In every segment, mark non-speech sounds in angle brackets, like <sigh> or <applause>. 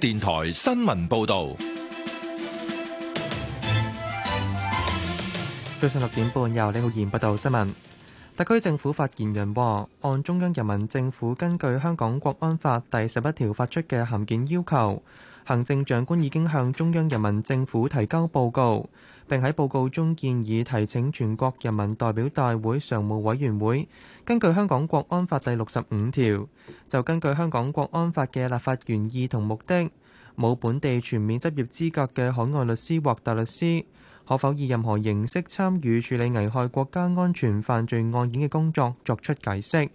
電臺新聞報道，早上六點半由李浩賢報道新聞。特區政府發言人話：按中央人民政府根據香港國安法第十一條發出嘅函件要求。行政長官已經向中央人民政府提交報告，並喺報告中建議提請全國人民代表大會常務委員會根據《香港國安法》第六十五條，就根據《香港國安法》嘅立法原意同目的，冇本地全面執業資格嘅海外律師或大律師，可否以任何形式參與處理危害國家安全犯罪案件嘅工作作出解釋。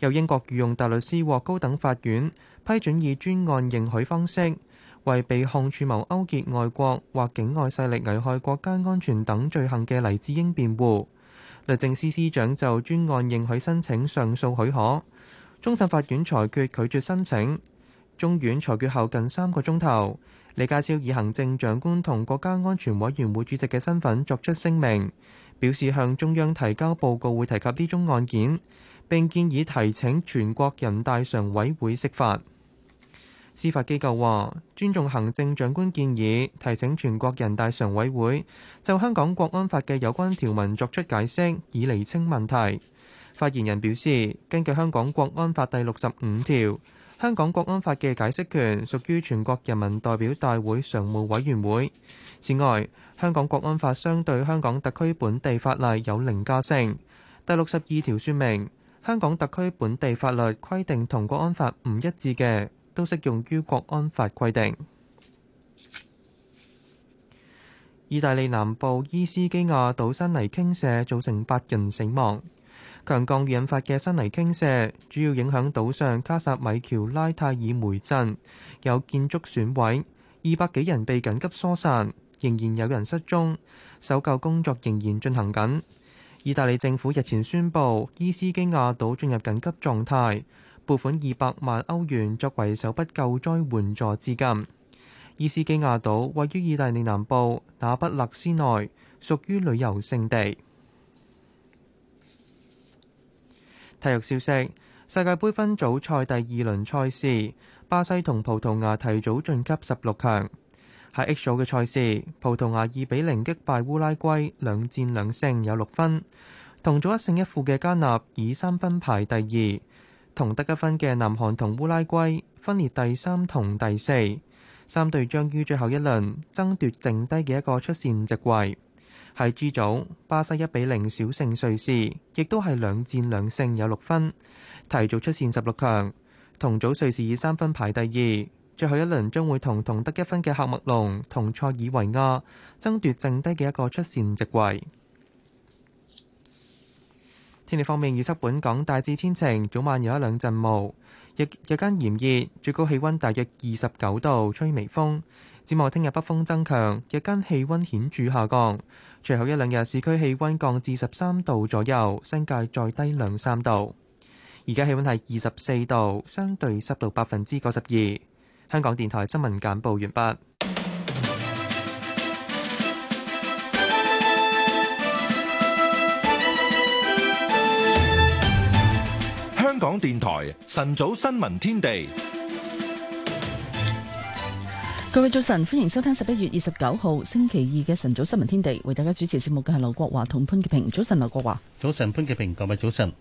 由英國御用大律師獲高等法院批准以專案認許方式，為被控串謀勾結外國或境外勢力危害國家安全等罪行嘅黎智英辯護，律政司司長就專案認許申請上訴許可，終審法院裁決拒絕申請。中院裁決後近三個鐘頭，李家超以行政長官同國家安全委員會主席嘅身份作出聲明，表示向中央提交報告會提及呢宗案件，並建議提請全國人大常委會釋法。司法機構話，尊重行政長官建議，提請全國人大常委會就香港國安法嘅有關條文作出解釋，以釐清問題。發言人表示，根據香港國安法第六十五條，香港國安法嘅解釋權屬於全國人民代表大會常務委員會。此外，香港國安法相對香港特區本地法例有凌駕性。第六十二條説明，香港特區本地法律規定同國安法唔一致嘅。都適用於國安法規定。 <noise> 意大利南部伊斯基亞島山泥傾瀉造成八人死亡，強降雨引發嘅山泥傾瀉主要影響島上卡薩米喬拉泰爾梅鎮，有建築損毀，二百幾人被緊急疏散，仍然有人失蹤，搜救工作仍然進行緊。意大利政府日前宣布伊斯基亞島進入緊急狀態。撥款二百萬歐元作為首筆救災援助資金。伊斯基亞島位於意大利南部那不勒斯內，屬於旅遊勝地。體育消息：世界杯分組賽第二輪賽事，巴西同葡萄牙提早晉級十六強。喺 H 組嘅賽事，葡萄牙二比零擊敗烏拉圭，兩戰兩勝有六分。同組一勝一負嘅加納以三分排第二。同得一分嘅南韓同烏拉圭分列第三同第四，三隊將於最後一輪爭奪剩低嘅一個出線席位。喺 G 組，巴西一比零小勝瑞士，亦都係兩戰兩勝有六分，提早出線十六強。同組瑞士以三分排第二，最後一輪將會同同得一分嘅喀麥隆同塞爾維亞爭奪剩低嘅一個出線席位。天氣方面，預測本港大致天晴，早晚有一兩陣霧，日日間炎熱，最高氣溫大約二十九度，吹微風。展望聽日北風增強，日間氣溫顯著下降。隨後一兩日市區氣溫降至十三度左右，新界再低兩三度。而家氣溫係二十四度，相對濕度百分之九十二。香港電台新聞簡報完畢。電台晨早新聞天地，各位早晨，歡迎收聽十一月二十九號星期二嘅晨早新聞天地，為大家主持節目嘅係劉國華同潘潔平。早晨，劉國華。早晨，潘潔平。各位早晨。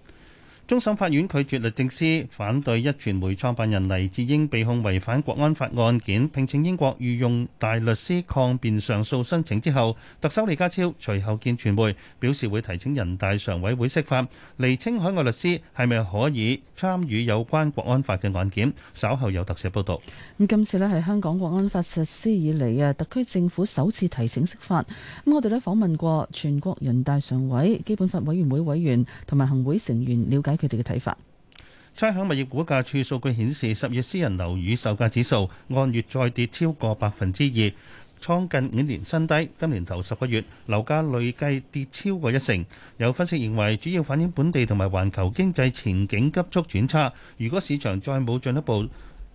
中審法院拒絕律政司反對一傳媒創辦人黎智英被控違反國安法案件，聘請英國御用大律師抗辯上訴申請之後，特首李家超隨後見傳媒表示會提請人大常委會釋法，釐清海外律師係咪可以參與有關國安法嘅案件。稍後有特寫報道。今次咧係香港國安法實施以嚟啊，特區政府首次提請釋法。我哋咧訪問過全國人大常委、基本法委員會委員同埋行會成員，瞭解佢哋嘅睇法，差餉物業估價署數據顯示，十月私人樓宇售價指數按月再跌超過百分之二，創近五年新低。今年頭十個月樓價累計跌超過一成。有分析認為，主要反映本地同埋環球經濟前景急速轉差。如果市場再冇進一步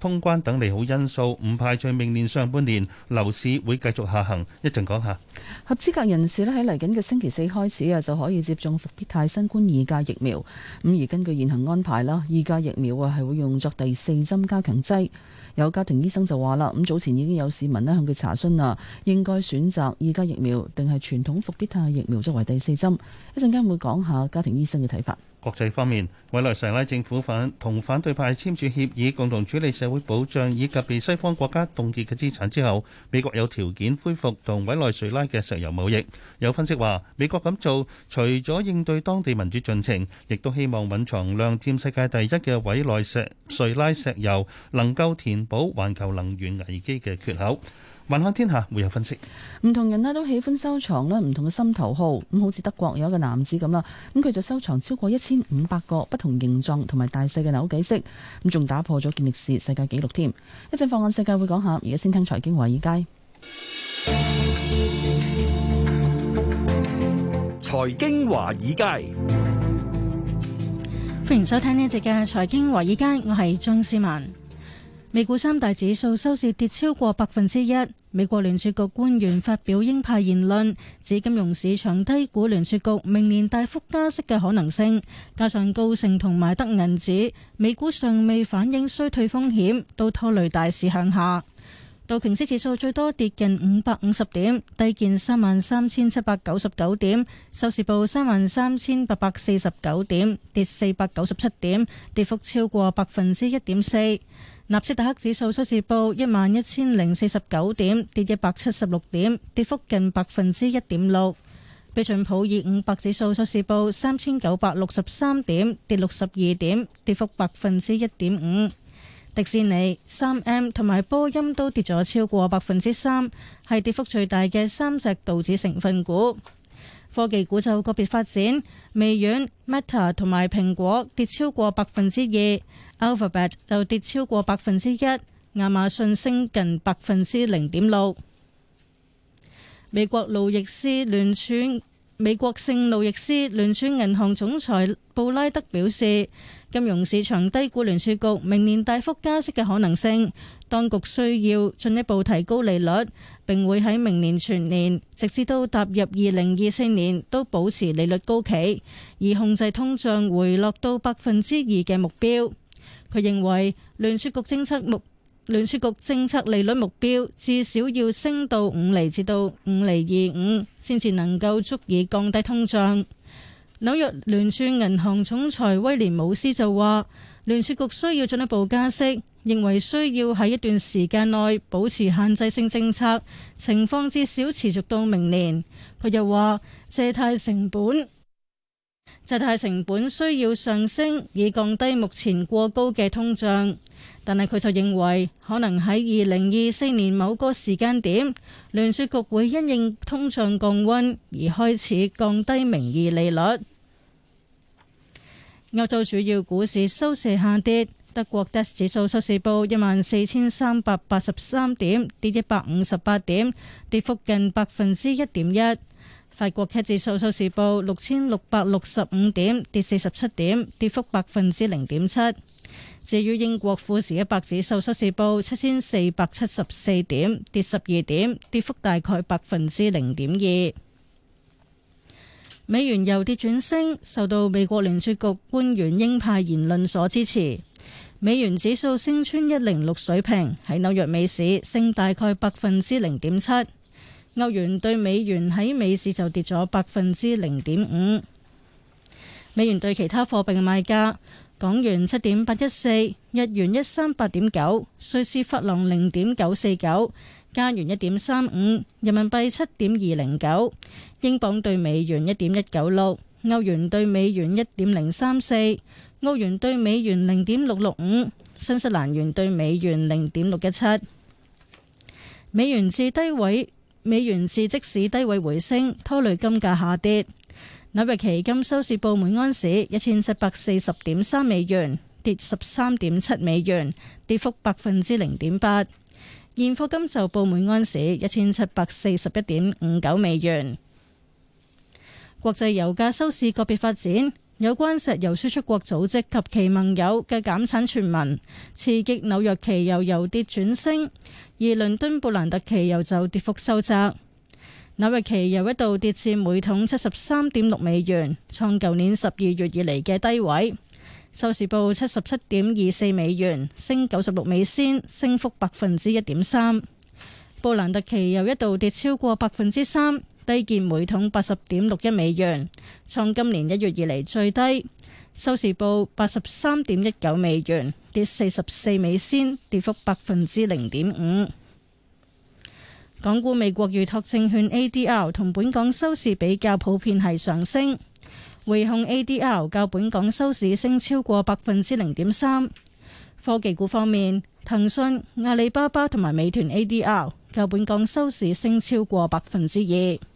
通關等利好因素，唔排除明年上半年樓市會繼續下行。一陣講下，合資格人士咧喺嚟緊嘅星期四開始啊，就可以接種復必泰新冠二價疫苗。咁而根據現行安排啦，二價疫苗啊係會用作第四針加強劑。有家庭醫生就話啦，咁早前已經有市民咧向佢查詢啦，應該選擇二價疫苗定係傳統復必泰疫苗作為第四針。一陣間會講下家庭醫生嘅睇法。國際方面，委內瑞拉政府同反對派簽署協議，共同處理社會保障以及被西方國家凍結嘅資產之後，美國有條件恢復同委內瑞拉嘅石油貿易。有分析話，美國噉做除咗應對當地民主進程，亦都希望蘊藏量佔世界第一嘅委內瑞拉石油能夠填補環球能源危機嘅缺口。聞下天下每日分析，唔同人呢，都喜歡收藏啦，唔同嘅心頭好。咁好似德國有一個男子咁啦，咁佢就收藏超過一千五百個不同形狀同埋大細嘅扭計骰，咁仲打破咗健力士世界紀錄添。一陣放眼世界會講下，而家先聽財經華爾街。財經華爾街，歡迎收聽呢一節嘅財經華爾街，爾街我係張思文。美股三大指數收市跌超過百分之一。美國聯儲局官員發表鷹派言論，指金融市場低估聯儲局明年大幅加息嘅可能性。加上高盛同埋德銀指，美股尚未反映衰退風險，都拖累大市向下。道瓊斯指數最多跌近五百五十點，低見三萬三千七百九十九點；收市報三萬三千八百四十九點，跌四百九十七點，跌幅超過百分之一點四。納斯達克指數收市報一萬一千零四十九點，跌一百七十六點，跌幅近百分之一點六。標準普爾五百指數收市報三千九百六十三點，跌六十二點，跌幅百分之一點五。迪士尼、三 M 同埋波音都跌咗超過百分之三，係跌幅最大嘅三隻道指成分股。科技股就個別發展，微軟、Meta 同埋蘋果跌超過百分之二。Alphabet 就跌超過百分之一，亞馬遜升近百分之零點六。美國路易斯聯儲美國聖路易斯聯儲銀行總裁布拉德表示，金融市場低估聯儲局明年大幅加息嘅可能性，當局需要進一步提高利率，並會喺明年全年，直至到踏入二零二四年，都保持利率高企，而控制通脹回落到百分之二嘅目標。佢認為聯儲局政策目聯儲局政策利率目標至少要升到五釐至到五釐二五，先至能夠足以降低通脹。紐約聯儲銀行總裁威廉姆斯就話：聯儲局需要進一步加息，認為需要喺一段時間內保持限制性政策，情況至少持續到明年。佢又話：借貸成本。就貸、是、成本需要上升以降低目前過高嘅通脹，但係佢就認為可能喺二零二四年某個時間點，聯儲局會因應通脹降温而開始降低名義利率。歐洲主要股市收市下跌，德國 DAX 指數收市報一萬四千三百八十三點，跌一百五十八點，跌幅近百分之一點一。法國指數收市報六千六百六十五點，跌四十七點，跌幅百分之零點七。至於英國富時一百指數收市報七千四百七十四點，跌十二點，跌幅大概百分之零點二。美元由跌轉升，受到美國聯儲局官員鷹派言論所支持。美元指數升穿一零六水平，喺紐約美市升大概百分之零點七。歐元對美元喺美市就跌咗百分之零點五。美元對其他貨幣嘅賣價：港元七點八一四，日元一三八點九，瑞士法郎零點九四九，加元一點三五，人民幣七點二零九，英鎊兌美元一點一九六，歐元兌美元一點零三四，澳元兌美元零點六六五，新西蘭元兌美元零點六一七。美元至低位。美元至即市低位回升，拖累金價下跌。紐約期金收市報每安士一千七百四十點三美元，跌十三點七美元，跌幅百分之零點八。現貨金就報每安士一千七百四十一點五九美元。國際油價收市個別發展。有關石油輸出國組織及其盟友嘅減產傳聞，刺激紐約期油由跌轉升，而倫敦布蘭特期油就跌幅收窄。紐約期油一度跌至每桶七十三點六美元，創舊年十二月以嚟嘅低位。收市報七十七點二四美元，升九十六美仙，升幅百分之一點三。布蘭特期油一度跌超過百分之三。低見每桶八十點六一美元，創今年一月以嚟最低。收市報八十三點一九美元，跌四十四美仙，跌幅百分之零點五。港股美國預託證券 A D R 同本港收市比較普遍係上升，匯控 A D R 較本港收市升超過百分之零點三。科技股方面，騰訊、阿里巴巴同埋美團 A D R 較本港收市升超過百分之二。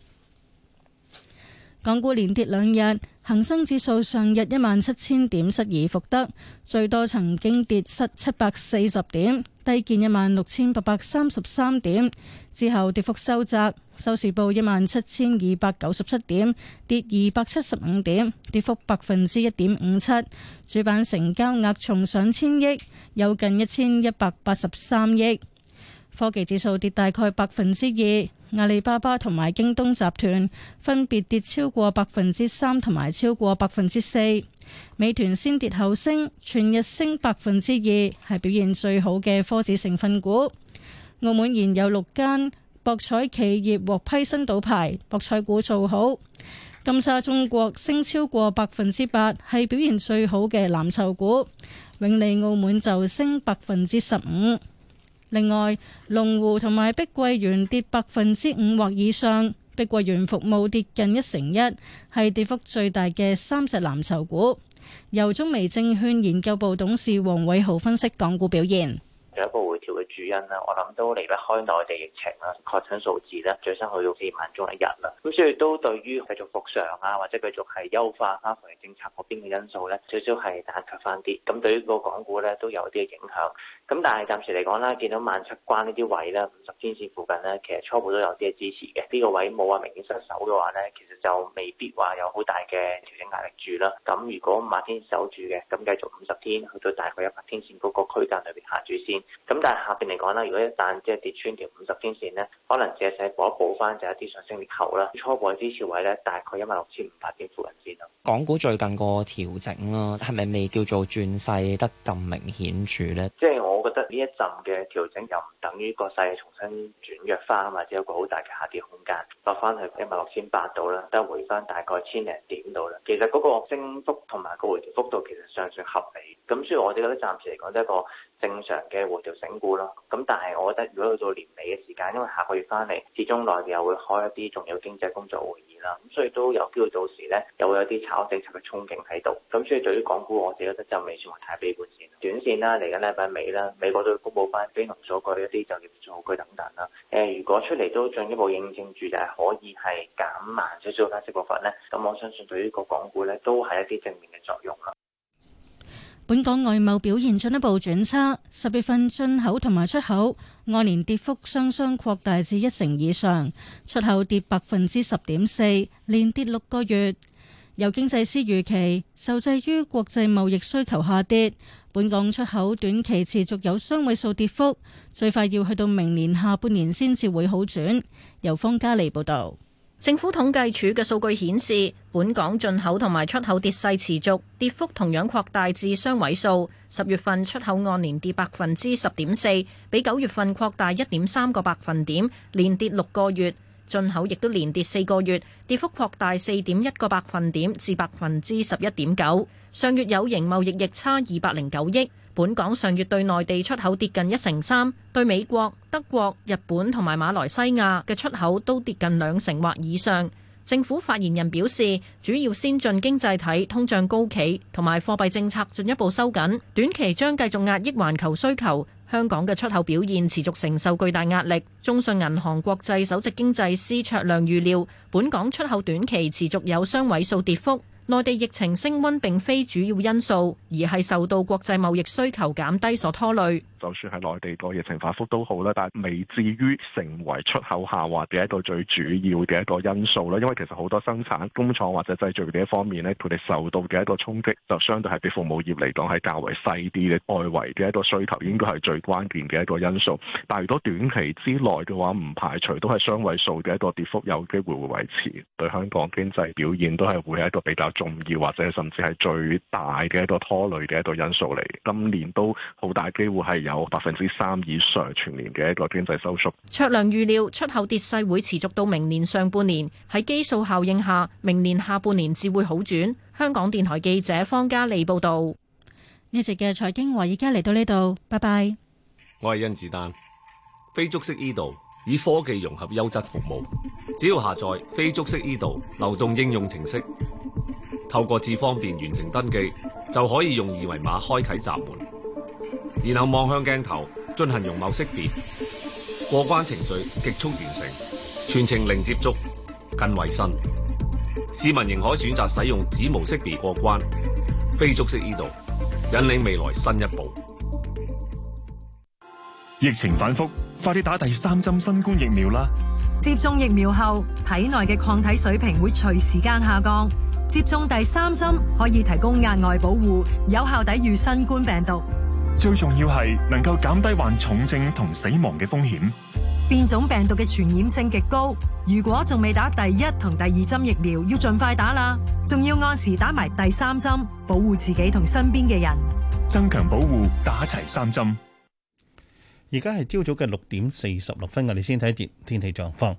港股連跌兩日，恒生指數上日一萬七千點失而復得，最多曾經跌失七百四十點，低見一萬六千八百三十三點，之後跌幅收窄，收市報一萬七千二百九十七點，跌二百七十五點，跌幅百分之一點五七。主板成交額重上千億，有近一千一百八十三億。科技指數跌大概百分之二。阿里巴巴同埋京東集團分別跌超過百分之三同埋超過百分之四，美團先跌後升，全日升百分之二，係表現最好嘅科指成分股。澳門現有六間博彩企業獲批新賭牌，博彩股造好。金沙中國升超過百分之八，係表現最好嘅藍籌股。永利澳門就升百分之十五。另外，龍湖同埋碧桂園跌百分之五或以上，碧桂園服務跌近一成一，係跌幅最大嘅三隻藍籌股。由中美證券研究部董事王偉豪分析港股表現，有一個回調嘅主因啦，我諗都離唔開內地疫情啦，確診數字咧最新去到幾萬宗一日啦，咁所以都對於繼續復常啊，或者繼續係優化啊防疫政策嗰邊嘅因素呢少少係打擊翻啲，咁對於個港股呢，都有啲影響。咁但係暫時嚟講啦，見到萬七關呢啲位啦，五十天線附近咧，其實初步都有啲支持嘅。呢、這個位冇話明顯失守嘅話咧，其實就未必話有好大嘅調整壓力住啦。咁如果萬天守住嘅，咁繼續五十天去到大概一百天線嗰個區間裏邊行住先。咁但係下邊嚟講啦，如果一旦即係跌穿條五十天線咧，可能借勢補一補翻就一啲上升裂口啦。初步嘅支持位咧，大概一萬六千五百點附近先啦。港股最近個調整啦、啊，係咪未叫做轉勢得咁明顯住咧？即係我。我覺得呢一陣嘅調整就唔等於個勢重新轉弱翻，或者有個好大嘅下跌空間落翻去一萬六千八度啦，得回翻大概千零點度啦。其實嗰個升幅同埋個回調幅度其實尚算合理。咁所以我哋覺得暫時嚟講都係一個正常嘅回調整股啦。咁但係我覺得如果去到年尾嘅時間，因為下個月翻嚟，始終內地又會開一啲重要經濟工作會。咁所以都有機會到時咧，又會有啲炒政策嘅憧憬喺度。咁所以對於港股，我自己覺得就未算話太悲觀線。短線啦，嚟緊禮拜尾啦，美國都會公佈翻非農數據一啲就業數據等等啦。誒，如果出嚟都進一步認證住係可以係減慢小小嘅加息步伐咧，咁我相信對於個港股咧，都係一啲正面嘅作用啦。本港外貿表現進一步轉差，十月份進口同埋出口按年跌幅雙雙擴大至一成以上，出口跌百分之十點四，連跌六個月。有經濟師預期，受制於國際貿易需求下跌，本港出口短期持續有雙位數跌幅，最快要去到明年下半年先至會好轉。由方嘉利報道。政府統計處嘅數據顯示，本港進口同埋出口跌勢持續，跌幅同樣擴大至雙位數。十月份出口按年跌百分之十點四，比九月份擴大一點三個百分點，連跌六個月。進口亦都連跌四個月，跌幅擴大四點一個百分點至百分之十一點九。上月有形貿易逆差二百零九億。本港上月對內地出口跌近一成三，對美國、德國、日本同埋馬來西亞嘅出口都跌近兩成或以上。政府發言人表示，主要先進經濟體通脹高企，同埋貨幣政策進一步收緊，短期將繼續壓抑環球需求。香港嘅出口表現持續承受巨大壓力。中信銀行國際首席經濟師卓亮預料，本港出口短期持續有雙位數跌幅。內地疫情升溫並非主要因素，而係受到國際貿易需求減低所拖累。就算係內地個疫情反覆都好啦，但係未至於成為出口下滑嘅一個最主要嘅一個因素啦。因為其實好多生產工廠或者製造嘅一方面咧，佢哋受到嘅一個衝擊就相對係比服務業嚟講，係較為細啲嘅外圍嘅一個需求，應該係最關鍵嘅一個因素。但係如果短期之內嘅話，唔排除都係雙位數嘅一個跌幅，有機會會維持，對香港經濟表現都係會係一個比較重要或者甚至係最大嘅一個拖累嘅一個因素嚟。今年都好大機會係。有百分之三以上全年嘅一個經濟收縮。卓亮預料出口跌勢會持續到明年上半年，喺基數效應下，明年下半年至會好轉。香港電台記者方嘉莉報道。一直嘅財經話，而家嚟到呢度，拜拜。我係甄子丹，非觸式 E 道，以科技融合優質服務，只要下載非觸式 E 道流動應用程式，透過智方便完成登記，就可以用二維碼開啟閘門。然後望向鏡頭，進行容貌識別，過關程序極速完成，全程零接觸、更衛生。市民仍可選擇使用指模識別過關，非接觸式 e 道引領未來新一步。疫情反覆，快啲打第三針新冠疫苗啦！接種疫苗後，體內嘅抗體水平會隨時間下降，接種第三針可以提供額外保護，有效抵禦新冠病毒。最重要係能夠減低患重症同死亡嘅風險。變種病毒嘅傳染性極高，如果仲未打第一同第二針疫苗，要盡快打啦。仲要按時打埋第三針，保護自己同身邊嘅人。增強保護，打齊三針。而家係朝早嘅六點四十六分，我哋先睇一節天氣狀況。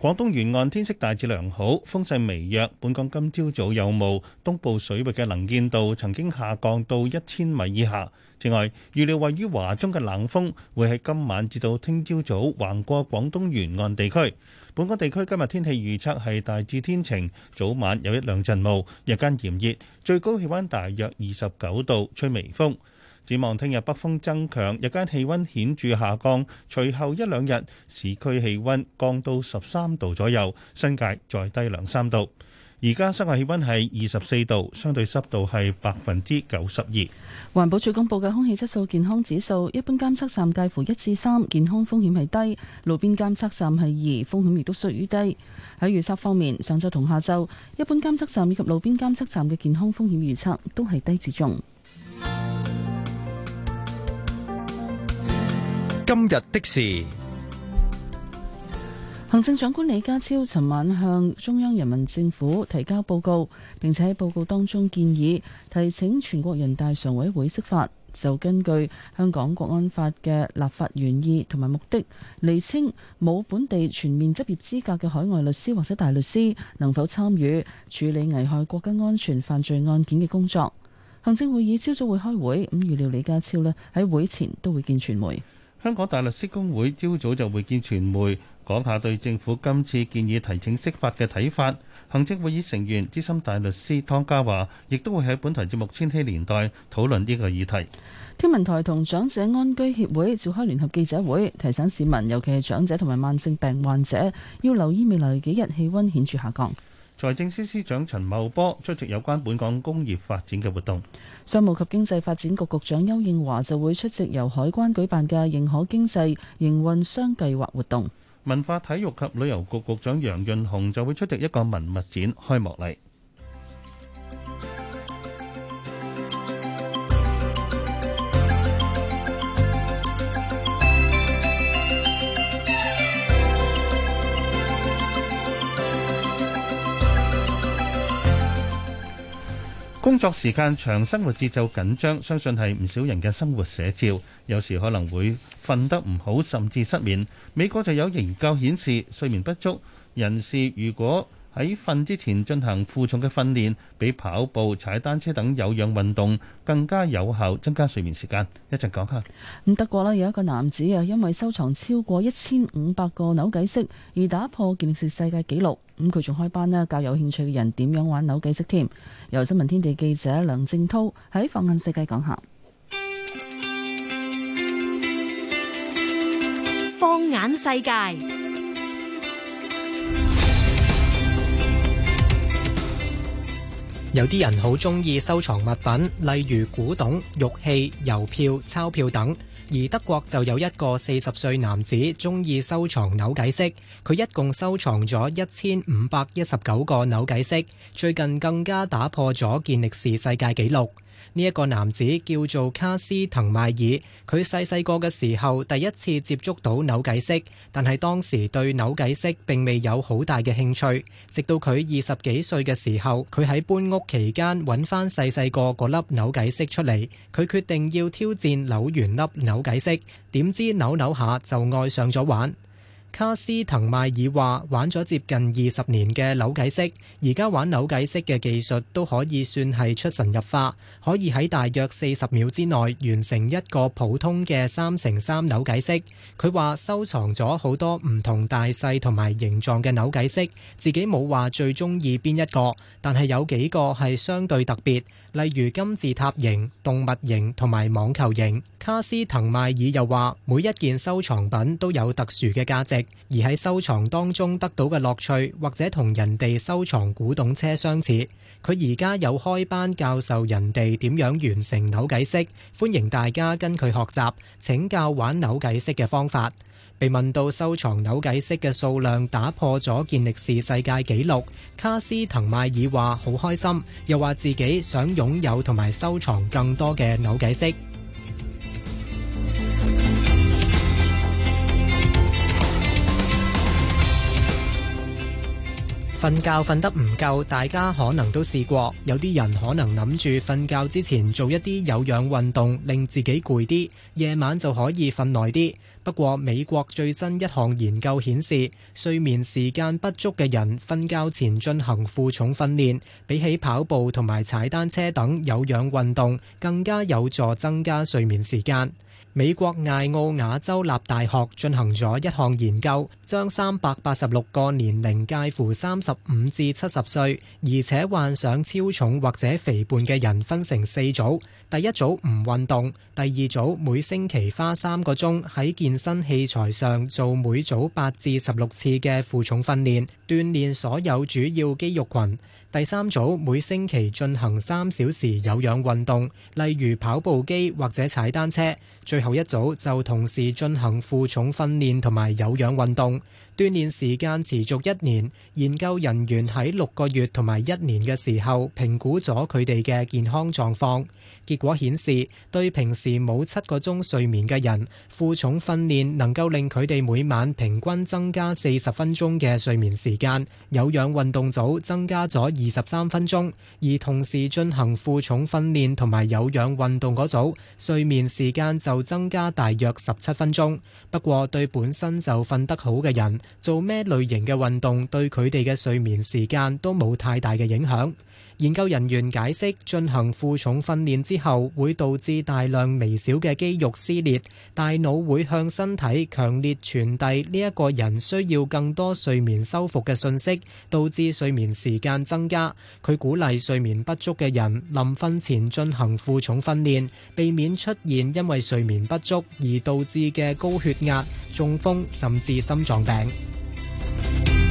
廣東沿岸天色大致良好，風勢微弱。本港今朝早有霧，東部水域嘅能見度曾經下降到一千米以下。此外，預料位於華中嘅冷風會喺今晚至到聽朝早，早橫過廣東沿岸地區。本港地區今日天氣預測係大致天晴，早晚有一兩陣霧，日間炎熱，最高氣温大約二十九度，吹微風。展望聽日北風增強，日間氣温顯著下降，隨後一兩日市區氣温降到十三度左右，新界再低兩三度。而家室外氣温係二十四度，相對濕度係百分之九十二。環保署公布嘅空氣質素健康指數，一般監測站介乎一至三，健康風險係低；路邊監測站係二，風險亦都屬於低。喺預測方面，上晝同下晝，一般監測站以及路邊監測站嘅健康風險預測都係低至中。今日的士。行政長官李家超尋晚向中央人民政府提交報告，並且喺報告當中建議提請全國人大常委會釋法，就根據香港國安法嘅立法原意同埋目的，釐清冇本地全面執業資格嘅海外律師或者大律師能否參與處理危害國家安全犯罪案件嘅工作。行政會議朝早會開會，咁預料李家超呢喺會前都會見傳媒。香港大律師公會朝早就會見傳媒。講下對政府今次建議提請釋法嘅睇法。行政會議成員資深大律師湯家驊亦都會喺本台節目《千禧年代》討論呢個議題。天文台同長者安居協會召開聯合記者會，提醒市民，尤其係長者同埋慢性病患者要留意未來幾日氣温顯著下降。財政司司長陳茂波出席有關本港工業發展嘅活動。商務及經濟發展局局長邱應華就會出席由海關舉辦嘅認可經濟營運商計劃活動。文化體育及旅遊局局長楊潤雄就會出席一個文物展開幕禮。工作時間長、生活節奏緊張，相信係唔少人嘅生活寫照。有時可能會瞓得唔好，甚至失眠。美國就有研究顯示，睡眠不足人士如果喺瞓之前進行負重嘅訓練，比跑步、踩單車等有氧運動更加有效，增加睡眠時間。一陣講下。咁德國啦，有一個男子啊，因為收藏超過一千五百個扭計骰，而打破健力士世界紀錄。咁佢仲開班啦，教有興趣嘅人點樣玩扭計骰添。由新聞天地記者梁正濤喺放眼世界講下。放眼世界。有啲人好中意收藏物品，例如古董、玉器、郵票、鈔票等。而德國就有一個四十歲男子中意收藏扭計骰，佢一共收藏咗一千五百一十九個扭計骰，最近更加打破咗健力士世界紀錄。呢一個男子叫做卡斯滕麥爾，佢細細個嘅時候第一次接觸到扭計骰，但係當時對扭計骰並未有好大嘅興趣。直到佢二十幾歲嘅時候，佢喺搬屋期間揾翻細細個嗰粒扭計骰出嚟，佢決定要挑戰扭完粒扭計骰，點知扭扭下就愛上咗玩。卡斯滕麥爾話：玩咗接近二十年嘅扭計骰，而家玩扭計骰嘅技術都可以算係出神入化，可以喺大約四十秒之內完成一個普通嘅三乘三扭計骰。佢話收藏咗好多唔同大細同埋形狀嘅扭計骰，自己冇話最中意邊一個，但係有幾個係相對特別。例如金字塔形、動物形同埋網球形。卡斯滕麥爾又話：每一件收藏品都有特殊嘅價值，而喺收藏當中得到嘅樂趣，或者同人哋收藏古董車相似。佢而家有開班教授人哋點樣完成扭計式，歡迎大家跟佢學習，請教玩扭計式嘅方法。被問到收藏扭計骰嘅數量打破咗健力士世界紀錄，卡斯滕麥爾話好開心，又話自己想擁有同埋收藏更多嘅扭計骰。瞓 <music> 覺瞓得唔夠，大家可能都試過。有啲人可能諗住瞓覺之前做一啲有氧運動，令自己攰啲，夜晚就可以瞓耐啲。不過，美國最新一項研究顯示，睡眠時間不足嘅人，瞓覺前進行負重訓練，比起跑步同埋踩單車等有氧運動，更加有助增加睡眠時間。美國艾奧瓦州立大學進行咗一項研究，將三百八十六個年齡介乎三十五至七十歲，而且患上超重或者肥胖嘅人分成四組。第一組唔運動，第二組每星期花三個鐘喺健身器材上做每組八至十六次嘅負重訓練，鍛鍊所有主要肌肉群。第三組每星期進行三小時有氧運動，例如跑步機或者踩單車。最後一組就同時進行負重訓練同埋有氧運動，鍛煉時間持續一年。研究人員喺六個月同埋一年嘅時候評估咗佢哋嘅健康狀況。結果顯示，對平時冇七個鐘睡眠嘅人，負重訓練能夠令佢哋每晚平均增加四十分鐘嘅睡眠時間；有氧運動組增加咗二十三分鐘，而同時進行負重訓練同埋有氧運動嗰組，睡眠時間就增加大約十七分鐘。不過，對本身就瞓得好嘅人，做咩類型嘅運動對佢哋嘅睡眠時間都冇太大嘅影響。研究人員解釋，進行負重訓練之後，會導致大量微小嘅肌肉撕裂，大腦會向身體強烈傳遞呢一個人需要更多睡眠修復嘅訊息，導致睡眠時間增加。佢鼓勵睡眠不足嘅人，臨瞓前進行負重訓練，避免出現因為睡眠不足而導致嘅高血壓、中風，甚至心臟病。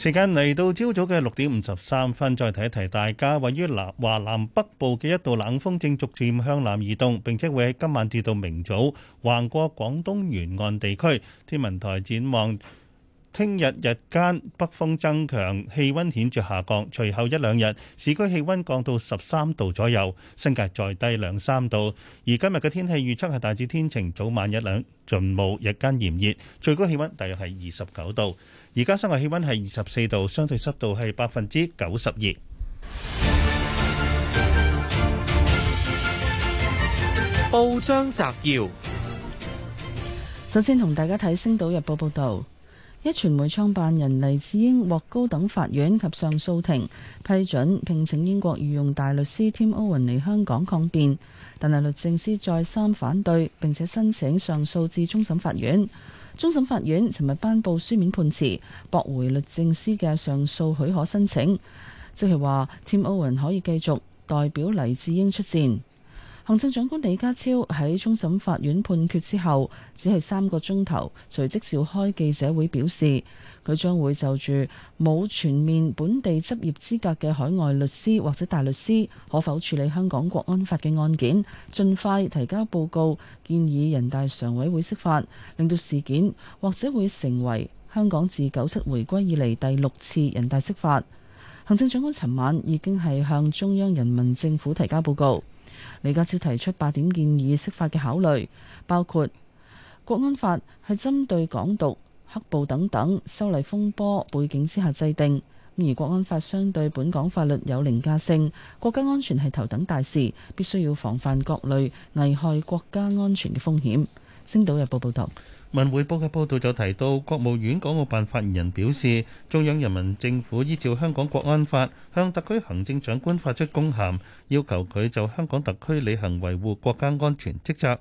時間嚟到朝早嘅六點五十三分，再提一提大家。位於南華南北部嘅一道冷風正逐漸向南移動，並且會喺今晚至到明早橫過廣東沿岸地區。天文台展望聽日日間北風增強，氣温顯著下降。隨後一兩日，市區氣温降到十三度左右，新界再低兩三度。而今日嘅天氣預測係大致天晴，早晚一兩陣霧，日間炎熱，最高氣温大約係二十九度。而家室外氣温係二十四度，相對濕度係百分之九十二。報章摘要：首先同大家睇《星島日報》報道，一傳媒創辦人黎智英獲高等法院及上訴庭批准聘請英國御用大律師 Tim Owen 嚟香港抗辯，但係律政司再三反對，並且申請上訴至終審法院。終審法院尋日頒布書面判詞，駁回律政司嘅上訴許可申請，即係話，添奧文可以繼續代表黎智英出戰。行政長官李家超喺終審法院判決之後，只係三個鐘頭，隨即召開記者會表示：佢將會就住冇全面本地執業資格嘅海外律師或者大律師，可否處理香港國安法嘅案件，盡快提交報告，建議人大常委會釋法，令到事件或者會成為香港自九七回歸以嚟第六次人大釋法。行政長官尋晚已經係向中央人民政府提交報告，李家超提出八點建議釋法嘅考慮，包括國安法係針對港獨。黑暴等等修例風波背景之下制定，而國安法相對本港法律有凌駕性，國家安全係頭等大事，必須要防範各類危害國家安全嘅風險。星島日報報道，文匯報嘅報道就提到，國務院港澳辦發言人表示，中央人民政府依照香港國安法向特區行政長官發出公函，要求佢就香港特區履行維護國家安全職責。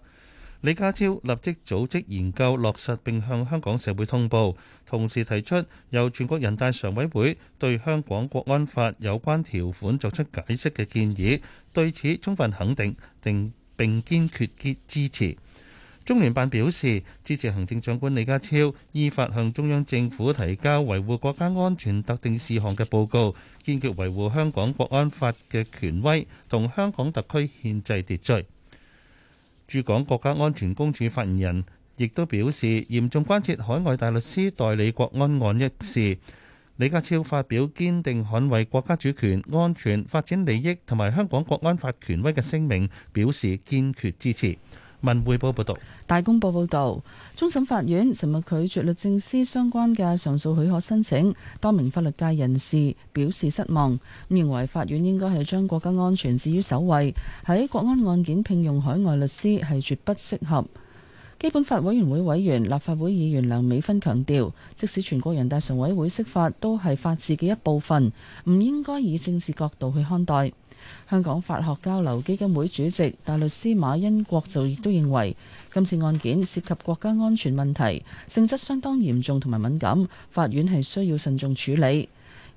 李家超立即組織研究、落實並向香港社會通報，同時提出由全國人大常委會對香港國安法有關條款作出解釋嘅建議。對此，充分肯定定並堅決支持。中聯辦表示支持行政長官李家超依法向中央政府提交維護國家安全特定事項嘅報告，堅決維護香港國安法嘅權威同香港特區憲制秩序。駐港國家安全公署發言人亦都表示，嚴重關切海外大律師代理國安案一事。李家超發表堅定捍衞國家主權、安全、發展利益同埋香港國安法權威嘅聲明，表示堅決支持。文匯報報道、大公報報道，終審法院尋日拒絕律政司相關嘅上訴許可申請，多名法律界人士表示失望，咁認為法院應該係將國家安全置於首位，喺國安案件聘用海外律師係絕不適合。基本法委員會委員、立法會議員梁美芬強調，即使全國人大常委會釋法都係法治嘅一部分，唔應該以政治角度去看待。香港法學交流基金會主席大律師馬恩國就亦都認為，今次案件涉及國家安全問題，性質相當嚴重同埋敏感，法院係需要慎重處理。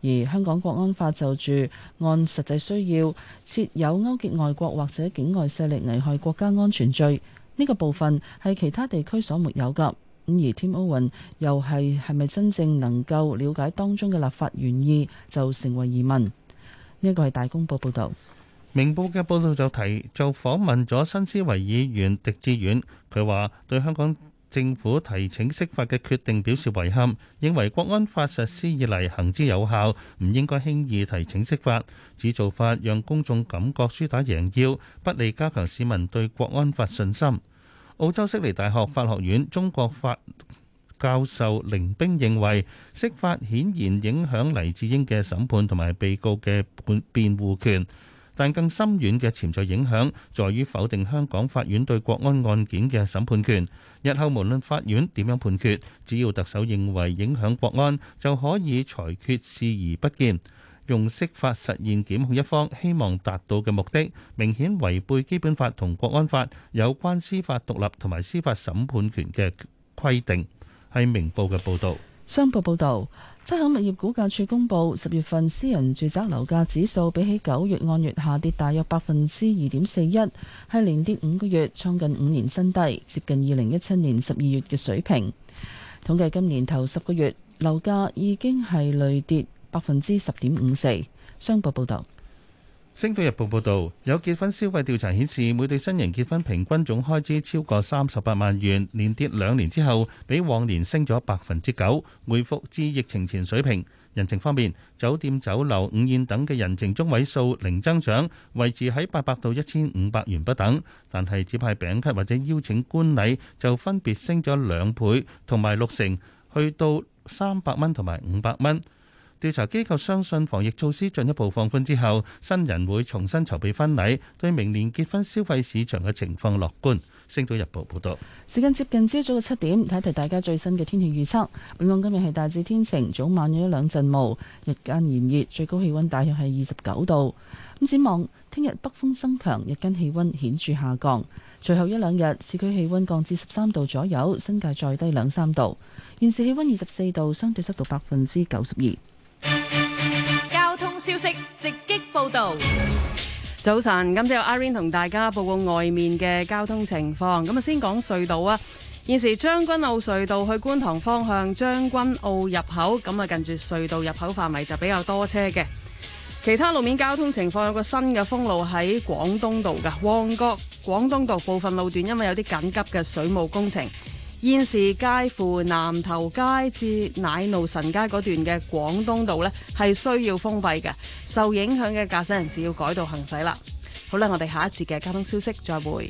而香港國安法就住按實際需要設有勾結外國或者境外勢力危害國家安全罪，呢、這個部分係其他地區所沒有噶。咁而 Tim Owen 又係係咪真正能夠了解當中嘅立法原意，就成為疑問。呢個係大公報報道，明報嘅報道就提就訪問咗新思維議員狄志遠，佢話對香港政府提請釋法嘅決定表示遺憾，認為國安法實施以嚟行之有效，唔應該輕易提請釋法，此做法讓公眾感覺輸打贏要，不利加強市民對國安法信心。澳洲悉尼大學法學院中國法教授凌冰認為釋法顯然影響黎智英嘅審判同埋被告嘅辯護權，但更深遠嘅潛在影響在於否定香港法院對國安案件嘅審判權。日後無論法院點樣判決，只要特首認為影響國安，就可以裁決視而不見，用釋法實現檢控一方希望達到嘅目的，明顯違背基本法同國安法有關司法獨立同埋司法審判權嘅規定。係明報嘅報道，商報報道，差餉物業估價署公布，十月份私人住宅樓價指數比起九月按月下跌大約百分之二點四一，係連跌五個月，創近五年新低，接近二零一七年十二月嘅水平。統計今年頭十個月樓價已經係累跌百分之十點五四。商報報道。星島日報報道，有結婚消費調查顯示，每對新人結婚平均總開支超過三十八萬元，連跌兩年之後，比往年升咗百分之九，回復至疫情前水平。人情方面，酒店、酒樓、午宴等嘅人情中位數零增長，維持喺八百到一千五百元不等。但係只派餅卡或者邀請觀禮就分別升咗兩倍同埋六成，去到三百蚊同埋五百蚊。調查機構相信防疫措施進一步放寬之後，新人會重新籌備婚禮，對明年結婚消費市場嘅情況樂觀。星島日報報導。時間接近朝早嘅七點，睇一睇大家最新嘅天氣預測。本港今日係大致天晴，早晚有一兩陣霧，日間炎熱，最高氣温大約係二十九度。咁展望聽日北風增強，日間氣温顯著下降。最後一兩日市區氣温降至十三度左右，新界再低兩三度。現時氣温二十四度，相對濕度百分之九十二。交通消息直擊報道。早晨，今朝有阿 r i n e 同大家報告外面嘅交通情況。咁啊，先講隧道啊。現時將軍澳隧道去觀塘方向將軍澳入口，咁啊，近住隧道入口範圍就比較多車嘅。其他路面交通情況有個新嘅封路喺廣東道噶，旺角廣東道部分路段因為有啲緊急嘅水務工程。現時介乎南頭街至奶路臣街嗰段嘅廣東道咧，係需要封閉嘅，受影響嘅駕駛人士要改道行駛啦。好啦，我哋下一節嘅交通消息再會。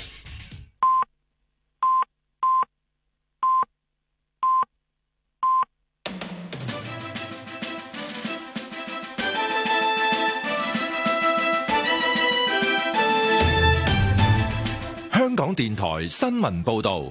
香港電台新聞報道。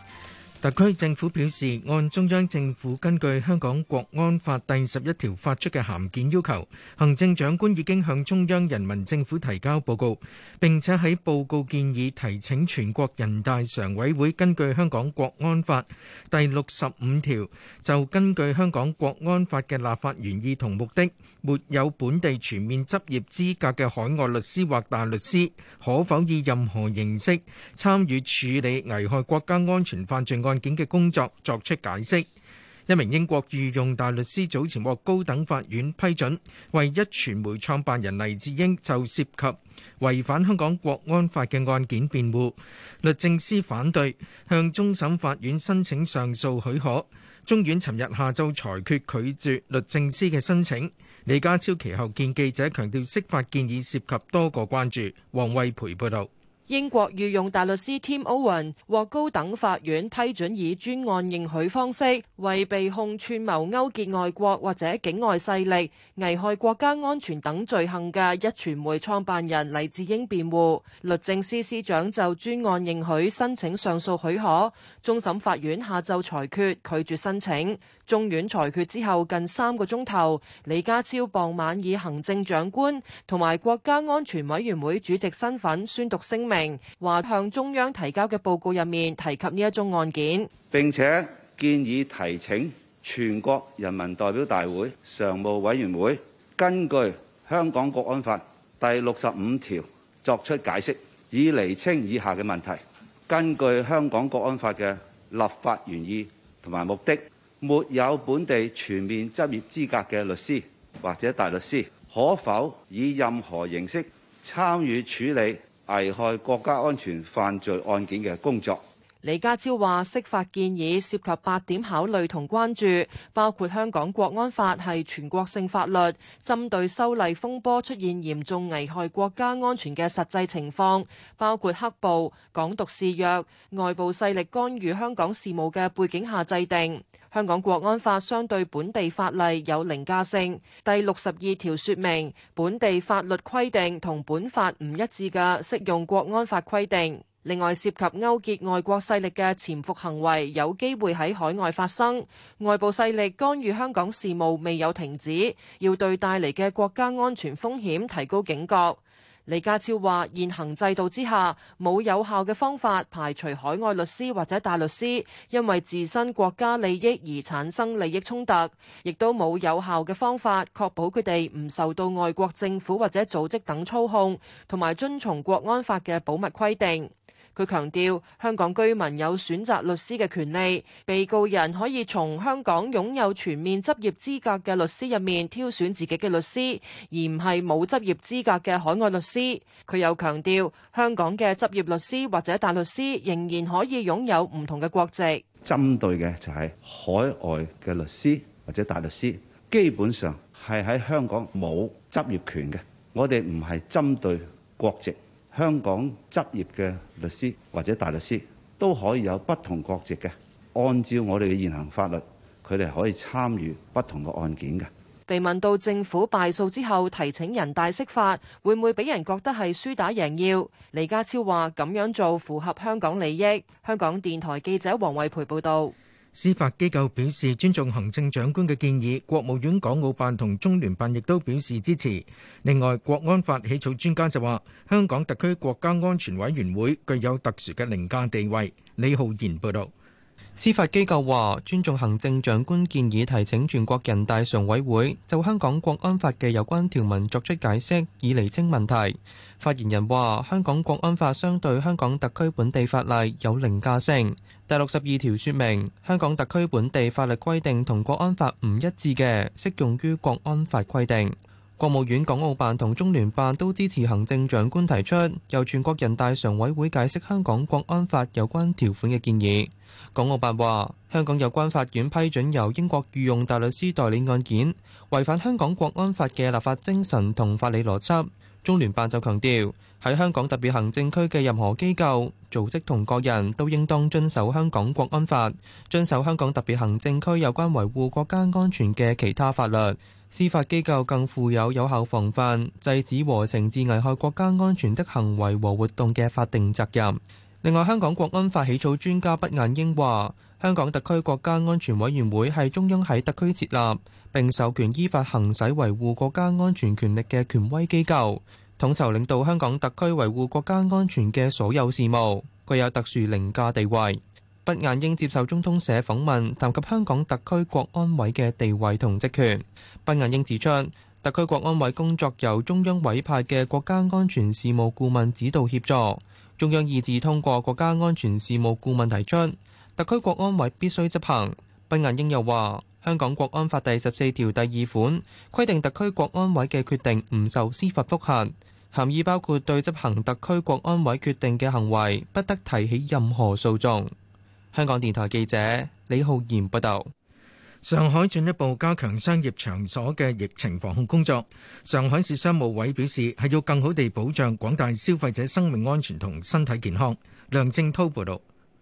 特區政府表示，按中央政府根據《香港國安法》第十一條發出嘅函件要求，行政長官已經向中央人民政府提交報告，並且喺報告建議提請全國人大常委會根據《香港國安法》第六十五條，就根據《香港國安法》嘅立法原意同目的，沒有本地全面執業資格嘅海外律師或大律師，可否以任何形式參與處理危害國家安全犯罪案案件嘅工作作出解釋。一名英國御用大律師早前獲高等法院批准，為一傳媒創辦人黎智英就涉及違反香港國安法嘅案件辯護。律政司反對向終審法院申請上訴許可。中院尋日下晝裁決拒絕律政司嘅申請。李家超其後見記者強調，釋法建議涉及多個關注。王惠培報導。英國御用大律師 Tim Owen 獲高等法院批准，以專案認許方式，為被控串謀勾結外國或者境外勢力、危害國家安全等罪行嘅壹傳媒創辦人黎智英辯護。律政司司長就專案認許申請上訴許可，終審法院下晝裁決拒絕申請。中院裁決之後近三個鐘頭，李家超傍晚以行政長官同埋國家安全委員會主席身份宣讀聲明，話向中央提交嘅報告入面提及呢一宗案件，並且建議提請全國人民代表大會常務委員會根據《香港國安法》第六十五條作出解釋，以釐清以下嘅問題：根據《香港國安法》嘅立法原意同埋目的。沒有本地全面執業資格嘅律師或者大律師，可否以任何形式參與處理危害國家安全犯罪案件嘅工作？李家超話：釋法建議涉及八點考慮同關注，包括香港國安法係全國性法律，針對修例風波出現嚴重危害國家安全嘅實際情況，包括黑暴、港獨肆虐、外部勢力干預香港事務嘅背景下制定。香港國安法相對本地法例有凌駕性。第六十二條説明，本地法律規定同本法唔一致嘅，適用國安法規定。另外，涉及勾結外國勢力嘅潛伏行為，有機會喺海外發生；外部勢力干預香港事務未有停止，要對帶嚟嘅國家安全風險提高警覺。李家超話：現行制度之下，冇有效嘅方法排除海外律師或者大律師因為自身國家利益而產生利益衝突，亦都冇有效嘅方法確保佢哋唔受到外國政府或者組織等操控，同埋遵從國安法嘅保密規定。佢強調，香港居民有選擇律師嘅權利，被告人可以從香港擁有全面執業資格嘅律師入面挑選自己嘅律師，而唔係冇執業資格嘅海外律師。佢又強調，香港嘅執業律師或者大律師仍然可以擁有唔同嘅國籍。針對嘅就係海外嘅律師或者大律師，基本上係喺香港冇執業權嘅。我哋唔係針對國籍。香港執業嘅律師或者大律師都可以有不同國籍嘅，按照我哋嘅現行法律，佢哋可以參與不同嘅案件嘅。被問到政府敗訴之後提請人大釋法，會唔會俾人覺得係輸打贏要？李家超話咁樣做符合香港利益。香港電台記者王慧培報道。司法機構表示尊重行政長官嘅建議，國務院港澳辦同中聯辦亦都表示支持。另外，國安法起草專家就話，香港特區國家安全委員會具有特殊嘅凌駕地位。李浩然報導，司法機構話尊重行政長官建議，提請全國人大常委會就香港國安法嘅有關條文作出解釋，以釐清問題。發言人話，香港國安法相對香港特區本地法例有凌駕性。第六十二條說明，香港特區本地法律規定同國安法唔一致嘅，適用於國安法規定。國務院港澳辦同中聯辦都支持行政長官提出由全國人大常委會解釋香港國安法有關條款嘅建議。港澳辦話，香港有關法院批准由英國御用大律師代理案件，違反香港國安法嘅立法精神同法理邏輯。中聯辦就強調，喺香港特別行政區嘅任何機構、組織同個人都應當遵守香港國安法，遵守香港特別行政區有關維護國家安全嘅其他法律。司法機構更負有有效防範、制止和懲治危害國家安全的行為和活動嘅法定責任。另外，香港國安法起草專家畢雁英話，香港特區國家安全委員會係中央喺特區設立。並授權依法行使維護國家安全權力嘅權威機構，統籌領導香港特區維護國家安全嘅所有事務，具有特殊凌駕地位。畢雁英接受中通社訪問，談及香港特區國安委嘅地位同職權。畢雁英指出，特區國安委工作由中央委派嘅國家安全事務顧問指導協助，中央意志通過國家安全事務顧問提出，特區國安委必須執行。畢雁英又話。香港國安法第十四條第二款規定，特區國安委嘅決定唔受司法複核，含義包括對執行特區國安委決定嘅行為不得提起任何訴訟。香港電台記者李浩然報道。上海進一步加強商業場所嘅疫情防控工作。上海市商務委表示，係要更好地保障廣大消費者生命安全同身體健康。梁正濤報道。